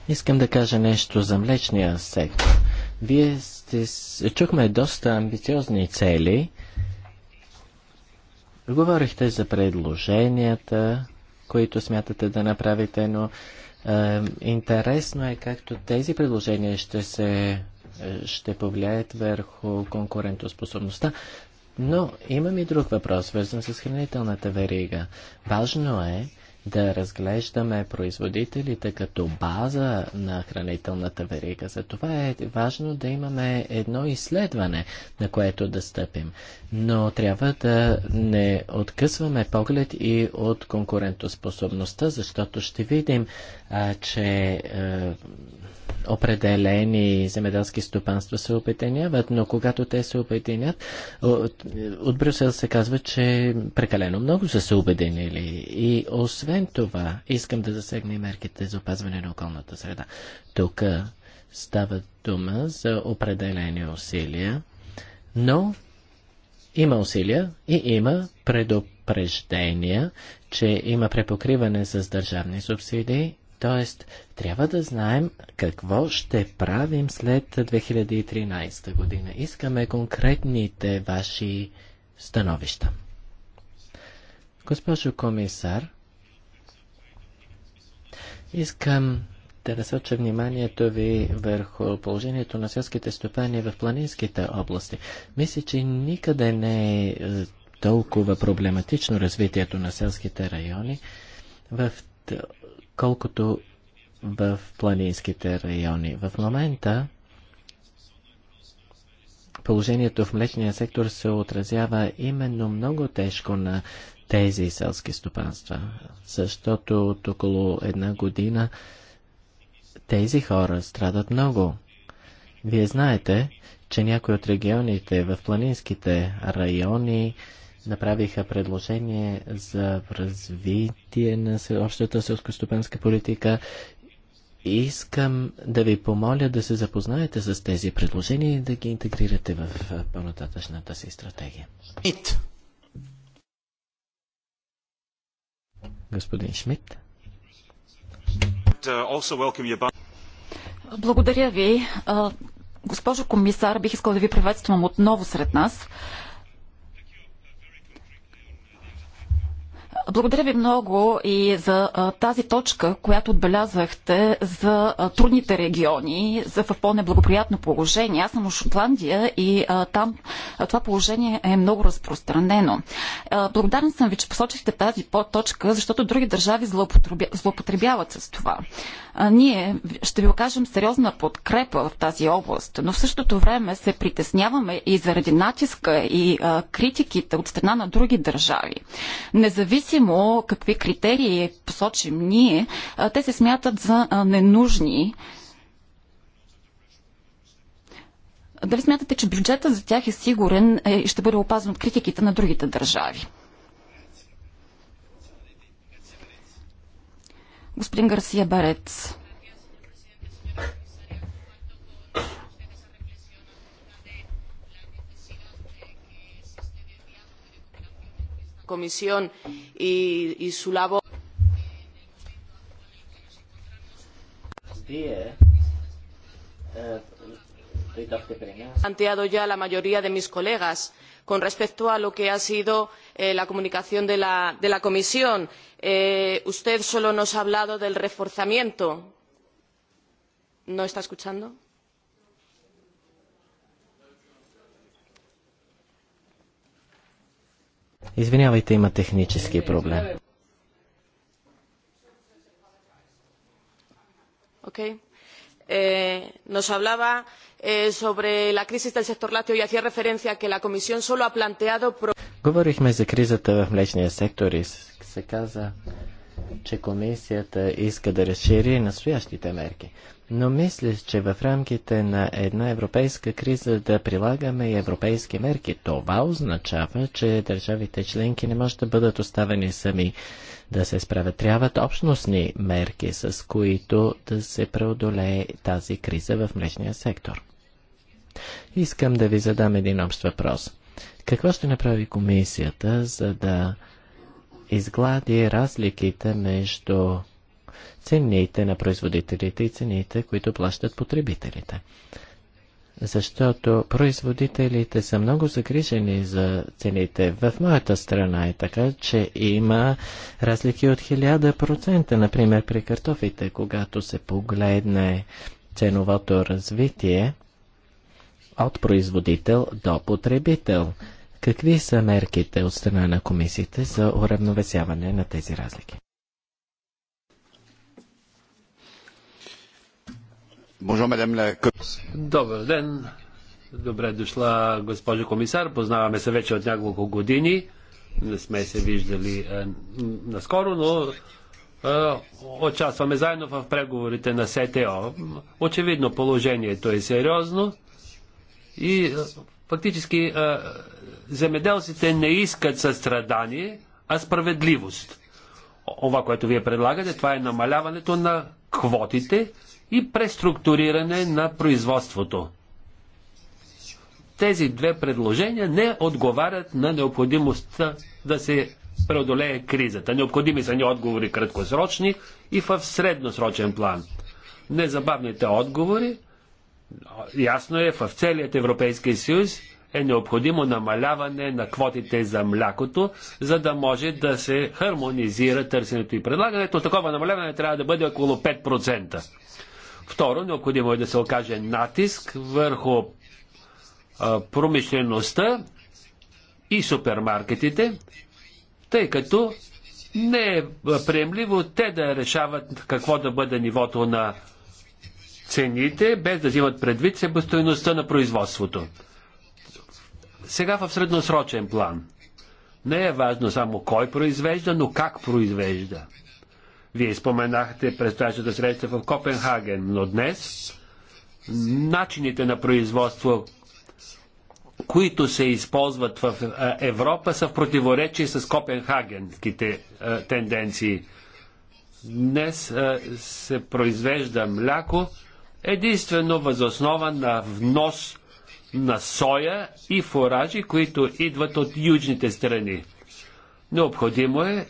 Искам да кажа нещо за млечния сектор. Вие сте, чухме доста амбициозни цели Говорихте за предложенията, които смятате да направите, но е, интересно е както тези предложения ще се е, ще повлияят върху конкурентоспособността. Но имам и друг въпрос, свързан с хранителната верига. Важно е да разглеждаме производителите като база на хранителната верига. Затова е важно да имаме едно изследване, на което да стъпим. Но трябва да не откъсваме поглед и от конкурентоспособността, защото ще видим, а, че а, е, определени земеделски стопанства се обединяват, но когато те се обединят, от, от Брюсел се казва, че прекалено много са се обединили. И освен освен това, искам да засегна и мерките за опазване на околната среда. Тук става дума за определени усилия, но има усилия и има предупреждения, че има препокриване с държавни субсидии, т.е. трябва да знаем какво ще правим след 2013 година. Искаме конкретните ваши становища. Госпожо комисар, Искам да насоча вниманието ви върху положението на селските стопани в планинските области. Мисля, че никъде не е, е толкова проблематично развитието на селските райони, в, колкото в планинските райони. В момента положението в млечния сектор се отразява именно много тежко на тези селски стопанства. Защото от около една година тези хора страдат много. Вие знаете, че някои от регионите в планинските райони направиха предложение за развитие на общата селскостопанска политика. Искам да ви помоля да се запознаете с тези предложения и да ги интегрирате в по-нататъчната си стратегия. Господин Шмидт. Благодаря ви. Госпожо комисар, бих искал да ви приветствам отново сред нас. Благодаря ви много и за тази точка, която отбелязахте за трудните региони, за в по-неблагоприятно положение. Аз съм от Шотландия и там това положение е много разпространено. благодарен съм ви, че посочихте тази точка, защото други държави злоупотребяват с това ние ще ви окажем сериозна подкрепа в тази област, но в същото време се притесняваме и заради натиска и а, критиките от страна на други държави. Независимо какви критерии посочим ние, а, те се смятат за а, ненужни. Дали смятате, че бюджета за тях е сигурен е, и ще бъде опазен от критиките на другите държави? Господин Гарсия Барец. Comisión y, y su labor. Вие дойдохте при нас. Planteado ya la mayoría de mis colegas con respecto a lo que ha sido la comunicación de la comisión usted solo nos ha hablado del reforzamiento no está escuchando? nos hablaba sobre la crisis del sector lácteo y hacía referencia a que la Comisión solo ha planteado. Говорихме за кризата в млечния сектор и се каза, че комисията иска да разшири настоящите мерки. Но мисля, че в рамките на една европейска криза да прилагаме европейски мерки, това означава, че държавите членки не може да бъдат оставени сами да се справят. Трябват общностни мерки, с които да се преодолее тази криза в млечния сектор. Искам да ви задам един общ въпрос. Какво ще направи комисията, за да изглади разликите между цените на производителите и цените, които плащат потребителите. Защото производителите са много загрижени за цените. В моята страна е така, че има разлики от 1000%, например при картофите, когато се погледне ценовото развитие от производител до потребител. Какви са мерките от страна на комисиите за уравновесяване на тези разлики? Добър ден. Добре дошла, госпожо комисар. Познаваме се вече от няколко години. Не сме се виждали е, наскоро, но е, участваме заедно в преговорите на СТО. Очевидно положението е сериозно и е, фактически е, земеделците не искат състрадание, а справедливост. Ова, това, което вие предлагате, това е намаляването на квотите и преструктуриране на производството. Тези две предложения не отговарят на необходимостта да се преодолее кризата. Необходими са ни отговори краткосрочни и в средносрочен план. Незабавните отговори, ясно е, в целият Европейски съюз е необходимо намаляване на квотите за млякото, за да може да се хармонизира търсенето и предлагането. Такова намаляване трябва да бъде около 5%. Второ, необходимо е да се окаже натиск върху а, промишлеността и супермаркетите, тъй като не е приемливо те да решават какво да бъде нивото на цените, без да взимат предвид себестойността на производството. Сега в средносрочен план. Не е важно само кой произвежда, но как произвежда. Вие споменахте предстоящата среща в Копенхаген, но днес начините на производство, които се използват в е, Европа, са в противоречие с копенхагенските е, тенденции. Днес е, се произвежда мляко единствено възоснова на внос на соя и фуражи, които идват от южните страни. Необходимо е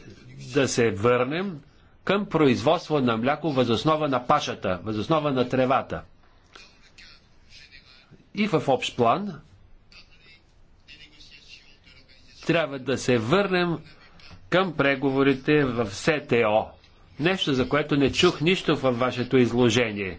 да се върнем към производство на мляко възоснова на пашата, възоснова на тревата. И в общ план трябва да се върнем към преговорите в СТО. Нещо, за което не чух нищо във вашето изложение.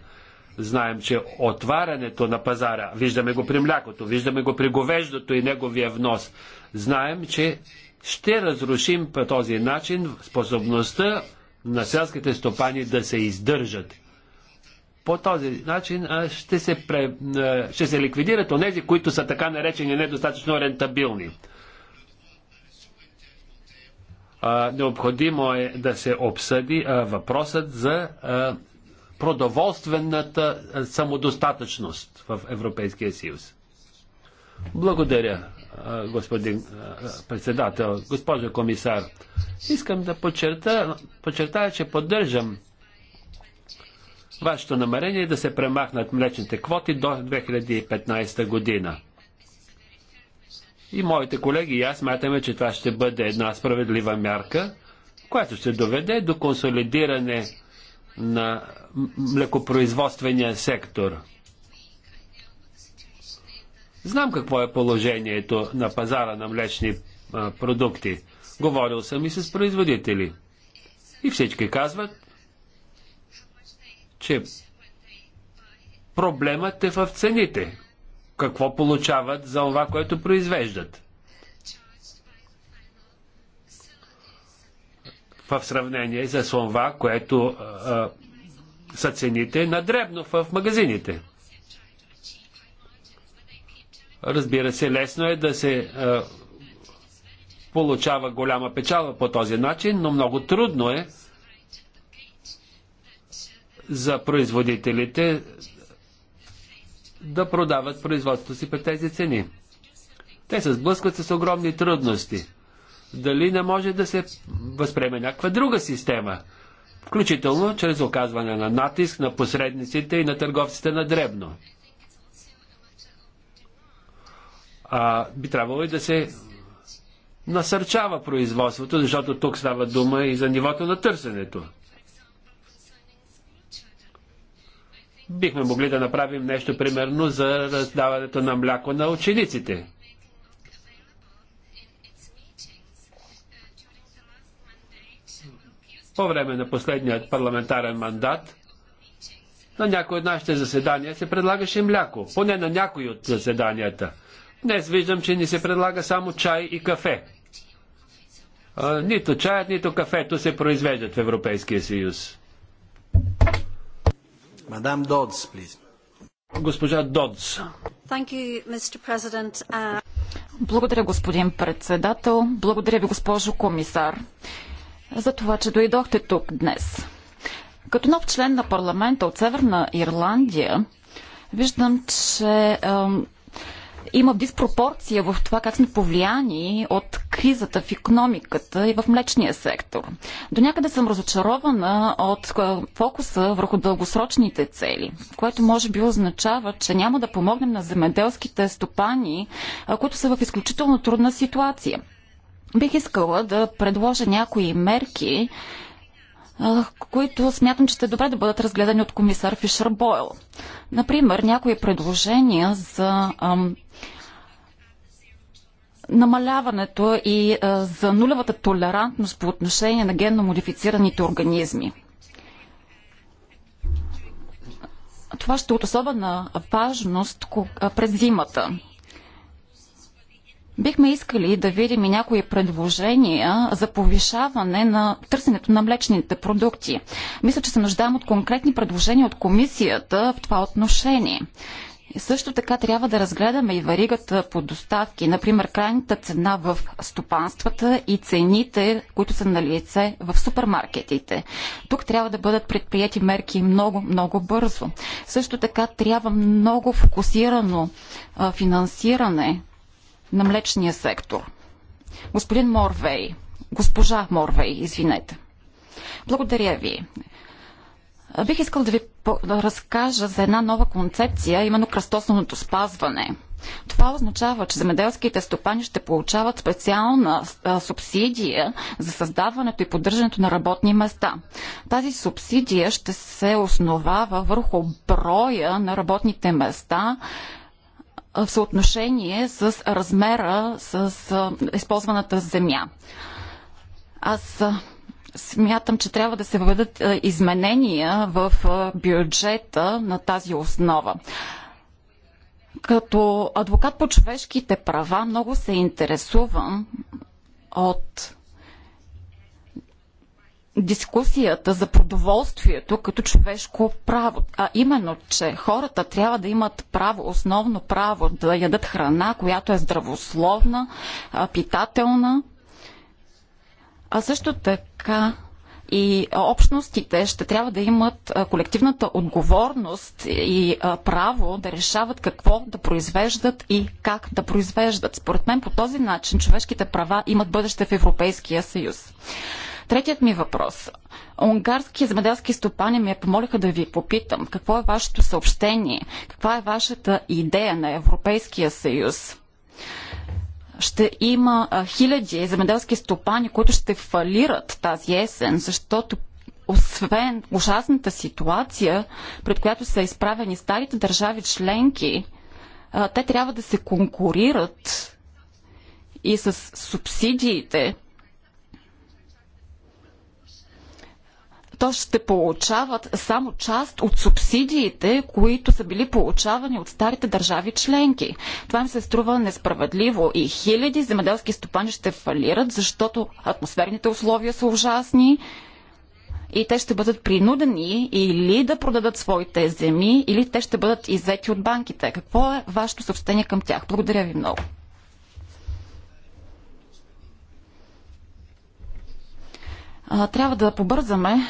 Знаем, че отварянето на пазара, виждаме го при млякото, виждаме го при говеждото и неговия внос. Знаем, че ще разрушим по този начин способността на селските стопани да се издържат. По този начин ще се, пре, ще се ликвидират онези, които са така наречени недостатъчно рентабилни. Необходимо е да се обсъди въпросът за продоволствената самодостатъчност в Европейския съюз. Благодаря господин председател, госпожо комисар. Искам да подчертая, подчертая, че поддържам вашето намерение да се премахнат млечните квоти до 2015 година. И моите колеги и аз смятаме, че това ще бъде една справедлива мярка, която ще доведе до консолидиране на млекопроизводствения сектор – Знам какво е положението на пазара на млечни а, продукти. Говорил съм и с производители. И всички казват, че проблемът е в цените. Какво получават за това, което произвеждат. В сравнение с това, което а, са цените на дребно в магазините. Разбира се, лесно е да се а, е, получава голяма печала по този начин, но много трудно е за производителите да продават производството си при тези цени. Те се сблъскват с огромни трудности. Дали не може да се възприеме някаква друга система, включително чрез оказване на натиск на посредниците и на търговците на дребно. а, би трябвало и да се насърчава производството, защото тук става дума и за нивото на търсенето. Бихме могли да направим нещо примерно за раздаването на мляко на учениците. По време на последният парламентарен мандат на някои от нашите заседания се предлагаше мляко, поне на някои от заседанията – Днес виждам, че ни се предлага само чай и кафе. Нито чаят, нито кафето се произвеждат в Европейския съюз. Мадам Додс, плиз. Госпожа Додс. You, uh, Благодаря, господин председател. Благодаря ви, госпожо комисар, за това, че дойдохте тук днес. Като нов член на парламента от Северна Ирландия, виждам, че има диспропорция в това как сме повлияни от кризата в економиката и в млечния сектор. До някъде съм разочарована от фокуса върху дългосрочните цели, което може би означава, че няма да помогнем на земеделските стопани, които са в изключително трудна ситуация. Бих искала да предложа някои мерки, които смятам, че ще е добре да бъдат разгледани от комисар Фишер Бойл. Например, някои предложения за ам, намаляването и а, за нулевата толерантност по отношение на генно модифицираните организми. Това ще е от особена важност през зимата. Бихме искали да видим и някои предложения за повишаване на търсенето на млечните продукти. Мисля, че се нуждаем от конкретни предложения от комисията в това отношение. Също така трябва да разгледаме и варигата по доставки, например крайната цена в стопанствата и цените, които са на лице в супермаркетите. Тук трябва да бъдат предприяти мерки много, много бързо. Също така трябва много фокусирано а, финансиране на млечния сектор. Господин Морвей, госпожа Морвей, извинете. Благодаря ви. Бих искал да ви разкажа за една нова концепция, именно кръстосното спазване. Това означава, че земеделските стопани ще получават специална субсидия за създаването и поддържането на работни места. Тази субсидия ще се основава върху броя на работните места в съотношение с размера с използваната земя. Аз смятам, че трябва да се въведат изменения в бюджета на тази основа. Като адвокат по човешките права много се интересувам от дискусията за продоволствието като човешко право. А именно, че хората трябва да имат право, основно право да ядат храна, която е здравословна, питателна. А също така и общностите ще трябва да имат колективната отговорност и право да решават какво да произвеждат и как да произвеждат. Според мен по този начин човешките права имат бъдеще в Европейския съюз. Третият ми въпрос. Унгарски земеделски стопани ме помолиха да ви попитам какво е вашето съобщение, каква е вашата идея на Европейския съюз ще има а, хиляди земеделски стопани, които ще фалират тази есен, защото освен ужасната ситуация, пред която са изправени старите държави членки, те трябва да се конкурират и с субсидиите, то ще получават само част от субсидиите, които са били получавани от старите държави членки. Това им се струва несправедливо и хиляди земеделски стопани ще фалират, защото атмосферните условия са ужасни и те ще бъдат принудени или да продадат своите земи, или те ще бъдат иззети от банките. Какво е вашето съобщение към тях? Благодаря ви много. трябва да побързаме,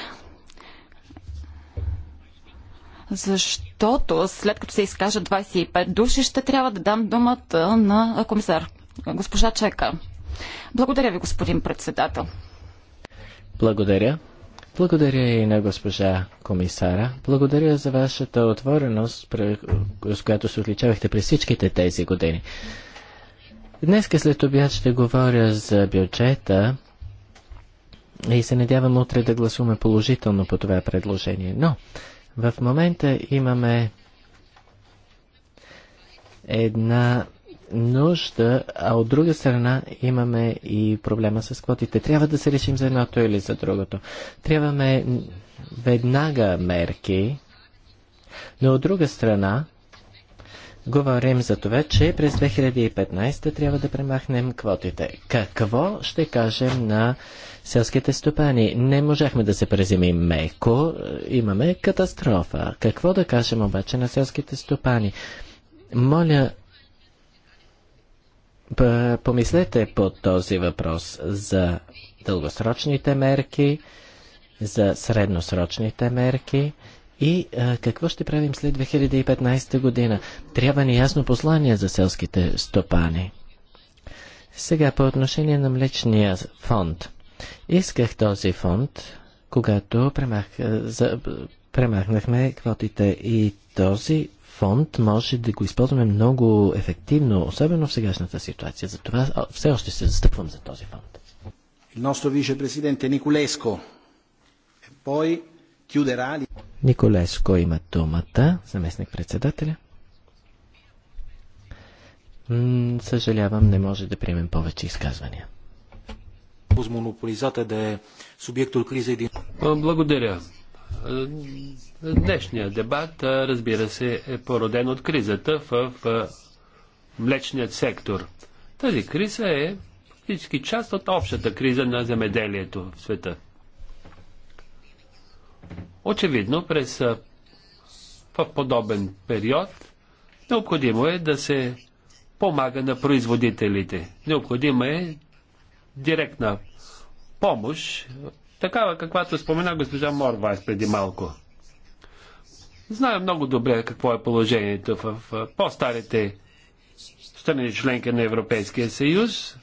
защото след като се изкажат 25 души, ще трябва да дам думата на комисар. Госпожа Чека. Благодаря ви, господин председател. Благодаря. Благодаря и на госпожа комисара. Благодаря за вашата отвореност, с която се отличавахте през всичките тези години. Днес след обяд ще говоря за бюджета и се надявам утре да гласуваме положително по това предложение. Но в момента имаме една нужда, а от друга страна имаме и проблема с квотите. Трябва да се решим за едното или за другото. Трябваме веднага мерки, но от друга страна говорим за това, че през 2015 трябва да премахнем квотите. Какво ще кажем на селските стопани. Не можахме да се преземим меко, имаме катастрофа. Какво да кажем обаче на селските стопани? Моля, помислете по този въпрос за дългосрочните мерки, за средносрочните мерки и а, какво ще правим след 2015 година. Трябва ни ясно послание за селските стопани. Сега по отношение на млечния фонд. Исках този фонд, когато премах, е, за, премахнахме квотите и този фонд може да го използваме много ефективно, особено в сегашната ситуация. Затова все още се застъпвам за този фонд. Николеско e има думата, заместник председателя. М съжалявам, не може да приемем повече изказвания с монополизате да е субект от криза един. Благодаря. Днешният дебат, разбира се, е породен от кризата в млечният сектор. Тази криза е фактически част от общата криза на земеделието в света. Очевидно, през в подобен период необходимо е да се помага на производителите. Необходимо е директна помощ, такава каквато спомена госпожа Морвайс преди малко. Знае много добре какво е положението в по-старите страни членки на Европейския съюз.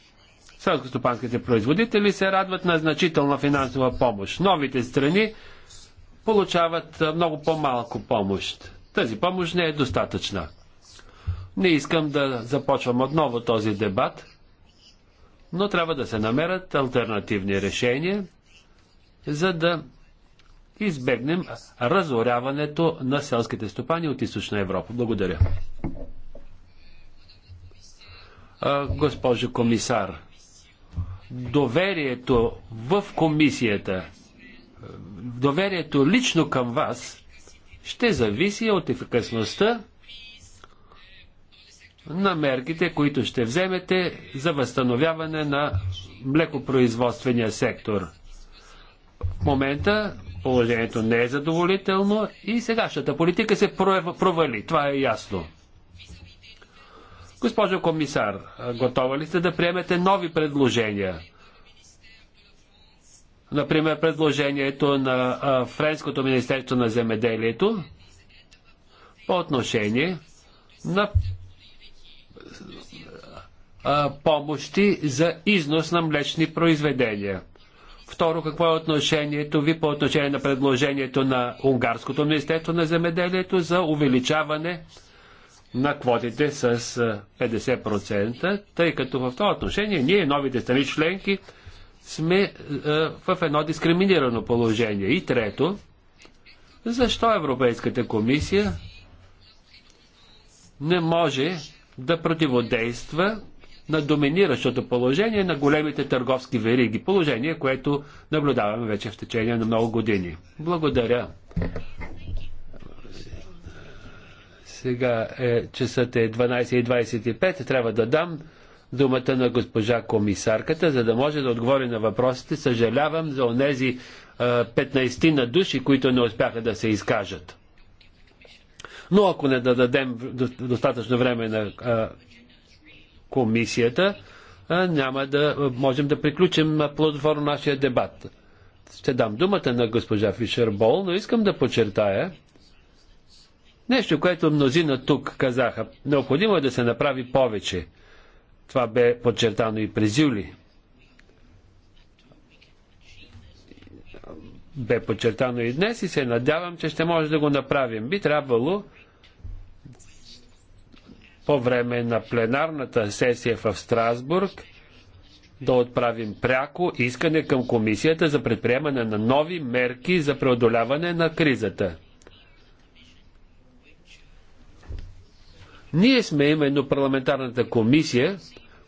Селскостопанските производители се радват на значителна финансова помощ. Новите страни получават много по-малко помощ. Тази помощ не е достатъчна. Не искам да започвам отново този дебат но трябва да се намерят альтернативни решения, за да избегнем разоряването на селските стопани от източна Европа. Благодаря. Госпожо комисар, доверието в комисията, доверието лично към вас ще зависи от ефикасността на мерките, които ще вземете за възстановяване на млекопроизводствения сектор. В момента положението не е задоволително и сегашната политика се провали. Това е ясно. Госпожо комисар, готова ли сте да приемете нови предложения? Например, предложението на Френското Министерство на земеделието по отношение на помощи за износ на млечни произведения? Второ, какво е отношението ви по отношение на предложението на Унгарското Министерство на земеделието за увеличаване на квотите с 50%, тъй като в това отношение ние, новите страни членки, сме в едно дискриминирано положение. И трето, защо Европейската комисия не може да противодейства на доминиращото положение на големите търговски вериги. Положение, което наблюдаваме вече в течение на много години. Благодаря. Сега е, часът е 12.25. Трябва да дам думата на госпожа комисарката, за да може да отговори на въпросите. Съжалявам за онези 15 на души, които не успяха да се изкажат. Но ако не дадем достатъчно време на комисията, няма да можем да приключим плодотворно нашия дебат. Ще дам думата на госпожа Фишер Бол, но искам да подчертая нещо, което мнозина тук казаха. Необходимо е да се направи повече. Това бе подчертано и през юли. Бе подчертано и днес и се надявам, че ще може да го направим. Би трябвало по време на пленарната сесия в Страсбург да отправим пряко искане към комисията за предприемане на нови мерки за преодоляване на кризата. Ние сме именно парламентарната комисия,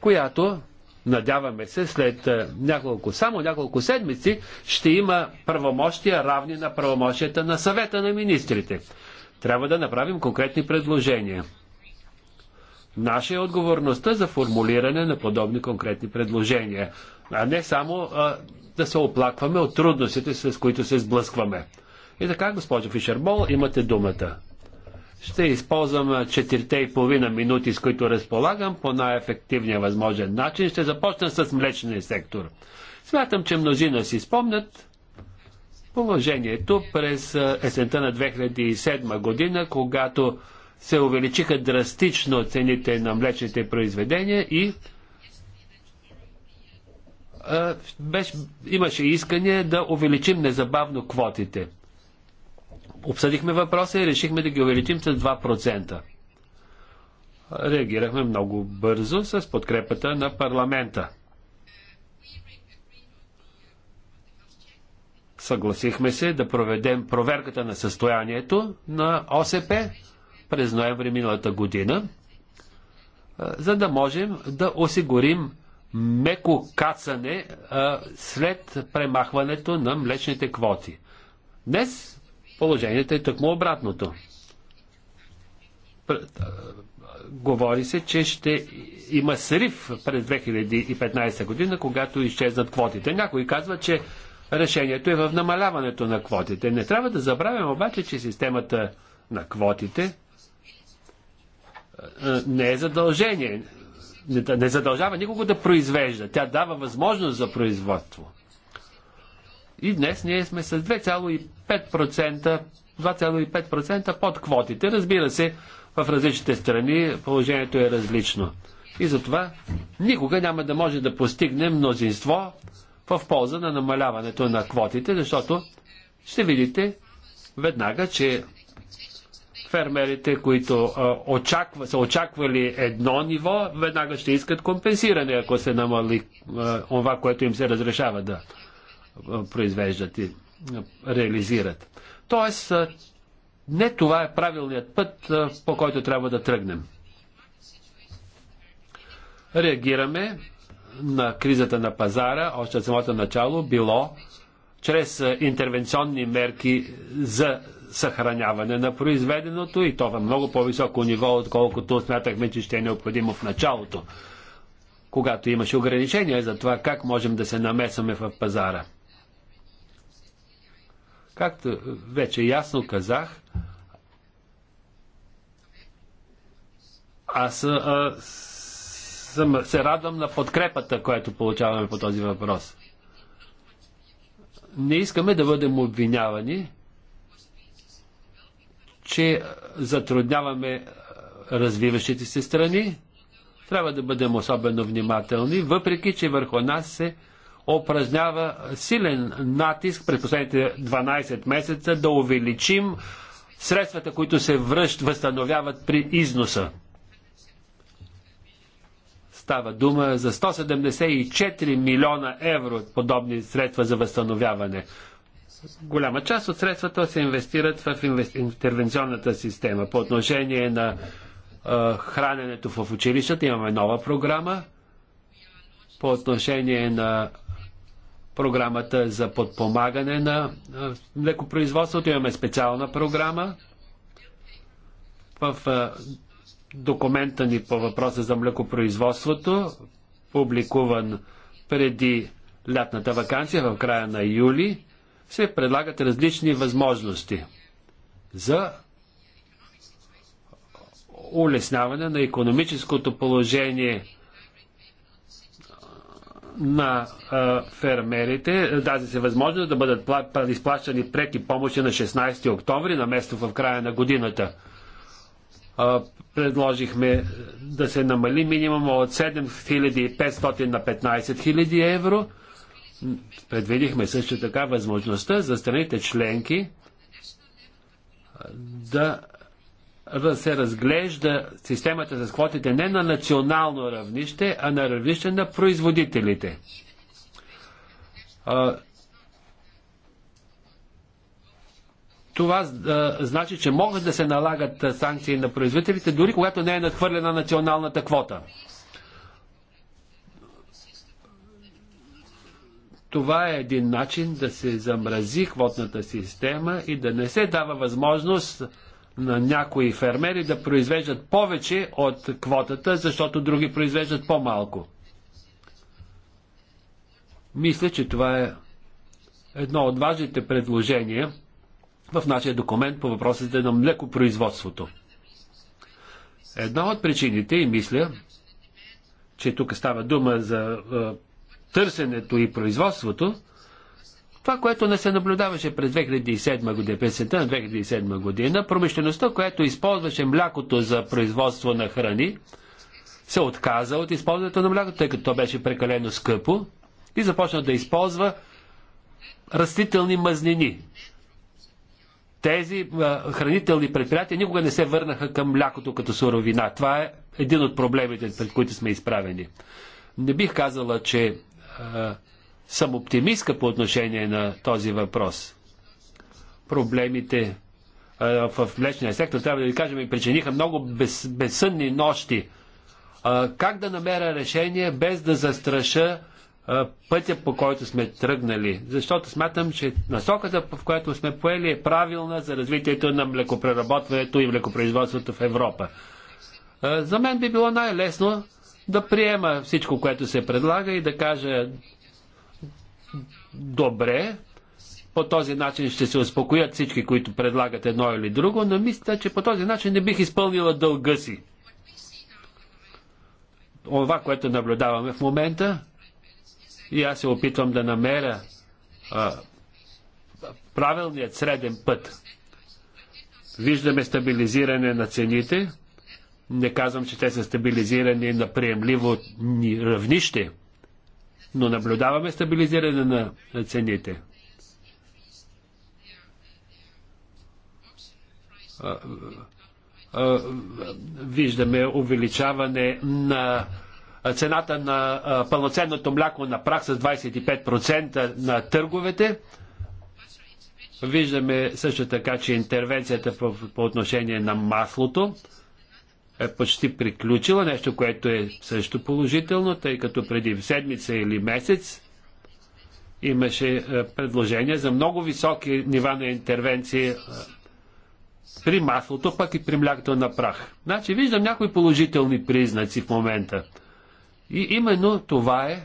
която, надяваме се, след няколко, само няколко седмици ще има правомощия равни на правомощията на съвета на министрите. Трябва да направим конкретни предложения. Наша е отговорността за формулиране на подобни конкретни предложения, а не само а, да се оплакваме от трудностите, с които се сблъскваме. И така, госпожо Фишербол, имате думата. Ще използвам четирите и половина минути, с които разполагам, по най-ефективния възможен начин. Ще започна с млечния сектор. Смятам, че мнозина си спомнят положението през есента на 2007 година, когато се увеличиха драстично цените на млечните произведения и а, беше, имаше искане да увеличим незабавно квотите. Обсъдихме въпроса и решихме да ги увеличим с 2%. Реагирахме много бързо с подкрепата на парламента. Съгласихме се да проведем проверката на състоянието на ОСП през ноември миналата година, за да можем да осигурим меко кацане след премахването на млечните квоти. Днес положението е тъкмо обратното. Говори се, че ще има срив през 2015 година, когато изчезнат квотите. Някой казва, че решението е в намаляването на квотите. Не трябва да забравяме обаче, че системата на квотите не е задължение. Не, задължава никого да произвежда. Тя дава възможност за производство. И днес ние сме с 2,5%, 2,5% под квотите. Разбира се, в различните страни положението е различно. И затова никога няма да може да постигне мнозинство в полза на намаляването на квотите, защото ще видите веднага, че фермерите, които а, очаква, са очаквали едно ниво, веднага ще искат компенсиране, ако се намали това, което им се разрешава да а, произвеждат и а, реализират. Тоест, а, не това е правилният път, а, по който трябва да тръгнем. Реагираме на кризата на пазара, още от самото начало, било чрез интервенционни мерки за съхраняване на произведеното и то в много по-високо ниво, отколкото смятахме, че ще е необходимо в началото, когато имаше ограничения за това как можем да се намесваме в пазара. Както вече ясно казах, аз а, съм, се радвам на подкрепата, която получаваме по този въпрос. Не искаме да бъдем обвинявани, че затрудняваме е, развиващите се страни. Трябва да бъдем особено внимателни, въпреки че върху нас се опразнява силен натиск през последните 12 месеца да увеличим средствата, които се връщ, възстановяват при износа. Става дума за 174 милиона евро подобни средства за възстановяване голяма част от средствата се инвестират в интервенционната система. По отношение на храненето в училищата имаме нова програма. По отношение на програмата за подпомагане на млекопроизводството имаме специална програма. В документа ни по въпроса за млекопроизводството, публикуван преди лятната вакансия в края на юли, се предлагат различни възможности за улесняване на економическото положение на а, фермерите. Даде се възможност да бъдат изплащани преки помощи на 16 октомври, на место в края на годината. А, предложихме да се намали минимума от 7500 на 15 000 евро предвидихме също така възможността за страните членки да се разглежда системата за квотите не на национално равнище, а на равнище на производителите. Това значи, че могат да се налагат санкции на производителите, дори когато не е надхвърлена националната квота. Това е един начин да се замрази квотната система и да не се дава възможност на някои фермери да произвеждат повече от квотата, защото други произвеждат по-малко. Мисля, че това е едно от важните предложения в нашия документ по въпросите на млекопроизводството. Една от причините, и мисля, че тук става дума за е, търсенето и производството, това, което не се наблюдаваше през 2007 година, през сета на 2007 година, промишлеността, която използваше млякото за производство на храни, се отказа от използването на млякото, тъй като то беше прекалено скъпо и започна да използва растителни мазнини. Тези а, хранителни предприятия никога не се върнаха към млякото като суровина. Това е един от проблемите, пред които сме изправени. Не бих казала, че е, е, съм оптимистка по отношение на този въпрос. Проблемите е, в млечния сектор, трябва да ви кажем, ми причиниха много без, безсънни нощи. Как да намеря решение без да застраша пътя, по който сме тръгнали? Защото смятам, че насоката, в която сме поели, е правилна за развитието на млекопреработването и млекопроизводството в Европа. За мен би било най-лесно да приема всичко, което се предлага и да каже добре, по този начин ще се успокоят всички, които предлагат едно или друго, но мисля, че по този начин не бих изпълнила дълга си. Това, което наблюдаваме в момента, и аз се опитвам да намеря а, правилният среден път. Виждаме стабилизиране на цените, не казвам, че те са стабилизирани на приемливо равнище, но наблюдаваме стабилизиране на цените. Виждаме увеличаване на цената на пълноценното мляко на прах с 25% на търговете. Виждаме също така, че интервенцията по, по отношение на маслото е почти приключила, нещо, което е също положително, тъй като преди седмица или месец имаше е, предложение за много високи нива на интервенции е, при маслото, пък и при млякото на прах. Значи виждам някои положителни признаци в момента. И именно това е, е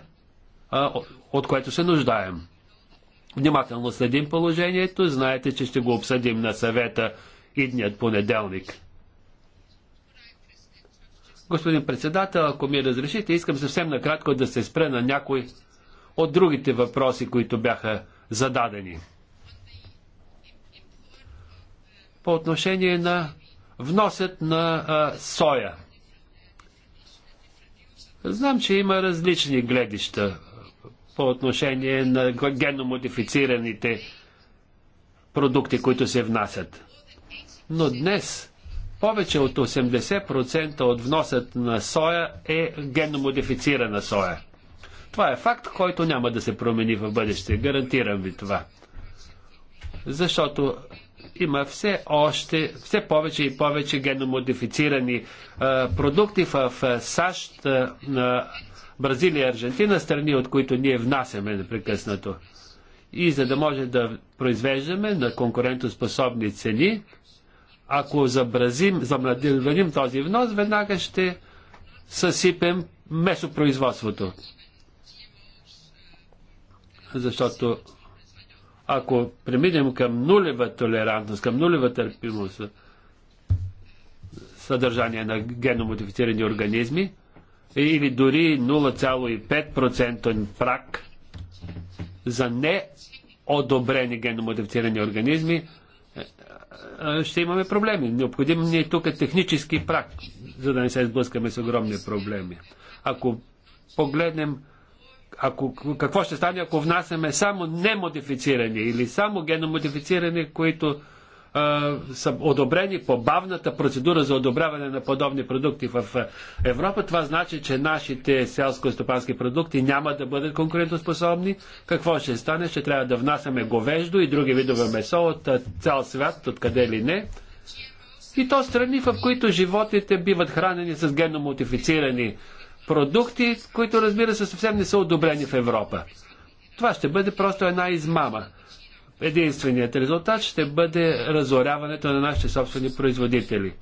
от което се нуждаем. Внимателно следим положението. Знаете, че ще го обсъдим на съвета идният понеделник. Господин председател, ако ми разрешите, искам съвсем накратко да се спре на някои от другите въпроси, които бяха зададени. По отношение на вносят на а, соя. Знам, че има различни гледища по отношение на генномодифицираните продукти, които се внасят. Но днес повече от 80% от вносът на соя е генномодифицирана соя. Това е факт, който няма да се промени в бъдеще. Гарантирам ви това. Защото има все още, все повече и повече геномодифицирани а, продукти в а, САЩ, а, на Бразилия, и Аржентина, страни, от които ние внасяме непрекъснато. И за да може да произвеждаме на конкурентоспособни цени, ако забразим, замладим този внос, веднага ще съсипем месопроизводството. Защото ако преминем към нулева толерантност, към нулева търпимост, съдържание на геномодифицирани организми, или дори 0,5% прак за неодобрени геномодифицирани организми, ще имаме проблеми. Необходим ни е тук технически прак, за да не се сблъскаме с огромни проблеми. Ако погледнем ако, какво ще стане, ако внасяме само немодифицирани или само геномодифицирани, които са одобрени по бавната процедура за одобряване на подобни продукти в Европа, това значи, че нашите селско-стопански продукти няма да бъдат конкурентоспособни. Какво ще стане? Ще трябва да внасяме говеждо и други видове месо от цял свят, откъде ли не. И то страни, в които животните биват хранени с генномодифицирани продукти, които разбира се съвсем не са одобрени в Европа. Това ще бъде просто една измама единственият резултат ще бъде разоряването на нашите собствени производители.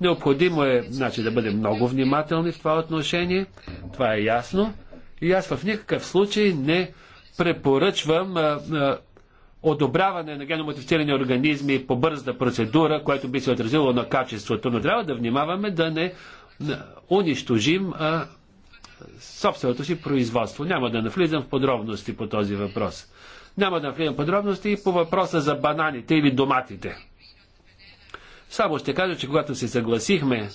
Необходимо е значи, да бъдем много внимателни в това отношение, това е ясно. И аз в никакъв случай не препоръчвам а, а, одобряване на геномодифицирани организми по бърза процедура, което би се отразило на качеството, но трябва да внимаваме да не унищожим а, собственото си производство. Няма да навлизам в подробности по този въпрос. Няма да влизам подробности по въпроса за бананите или доматите. Само ще кажа, че когато се съгласихме,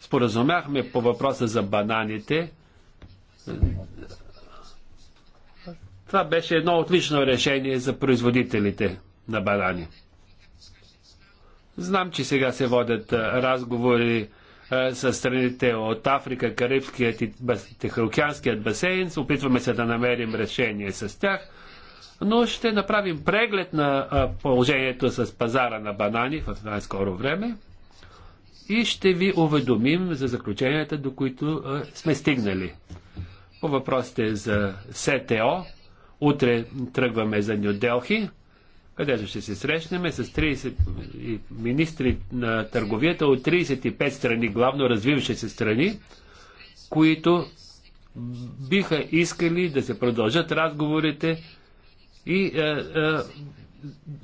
споразумяхме по въпроса за бананите, това беше едно отлично решение за производителите на банани. Знам, че сега се водят разговори е, с страните от Африка, Карибският и Тихоокеанският басейн. Опитваме се да намерим решение с тях. Но ще направим преглед на е, положението с пазара на банани в най-скоро време и ще ви уведомим за заключенията, до които е, сме стигнали. По въпросите за СТО, утре тръгваме за Нью Делхи където ще се срещнем с 30 министри на търговията от 35 страни, главно развиващи се страни, които биха искали да се продължат разговорите и е, е,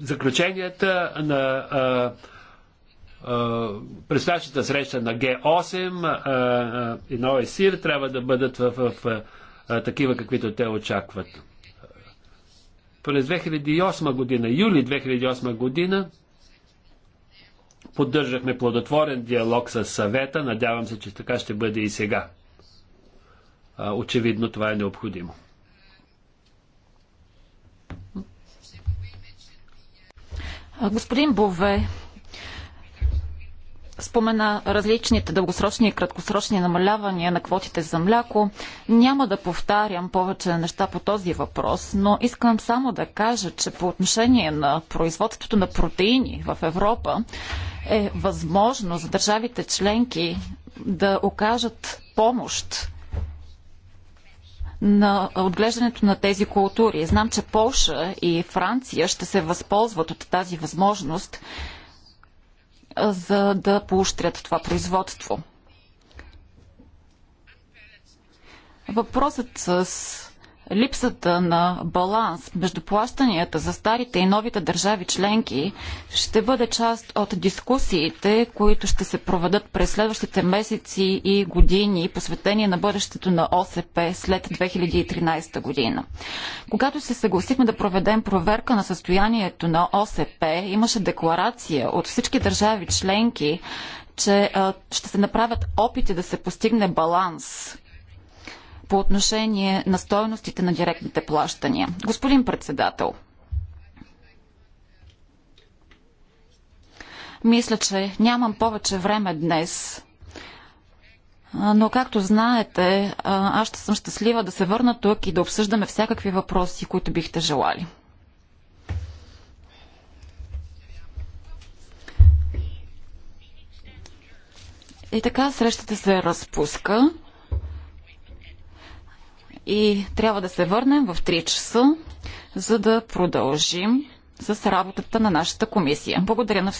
заключенията на е, е, предстоящата среща на Г8 е, е, и на ОСИР трябва да бъдат в, в, в е, е, такива, каквито те очакват. През 2008 година, юли 2008 година, поддържахме плодотворен диалог с съвета. Надявам се, че така ще бъде и сега. Очевидно това е необходимо. Господин Бове спомена различните дългосрочни и краткосрочни намалявания на квотите за мляко. Няма да повтарям повече неща по този въпрос, но искам само да кажа, че по отношение на производството на протеини в Европа е възможно за държавите членки да окажат помощ на отглеждането на тези култури. Знам, че Полша и Франция ще се възползват от тази възможност за да поощрят това производство. Въпросът с липсата на баланс между плащанията за старите и новите държави членки ще бъде част от дискусиите, които ще се проведат през следващите месеци и години, посветени на бъдещето на ОСП след 2013 година. Когато се съгласихме да проведем проверка на състоянието на ОСП, имаше декларация от всички държави членки, че а, ще се направят опити да се постигне баланс по отношение на стоеностите на директните плащания. Господин председател, мисля, че нямам повече време днес. Но, както знаете, аз ще съм щастлива да се върна тук и да обсъждаме всякакви въпроси, които бихте желали. И така срещата се разпуска и трябва да се върнем в 3 часа, за да продължим с работата на нашата комисия. Благодаря на всички.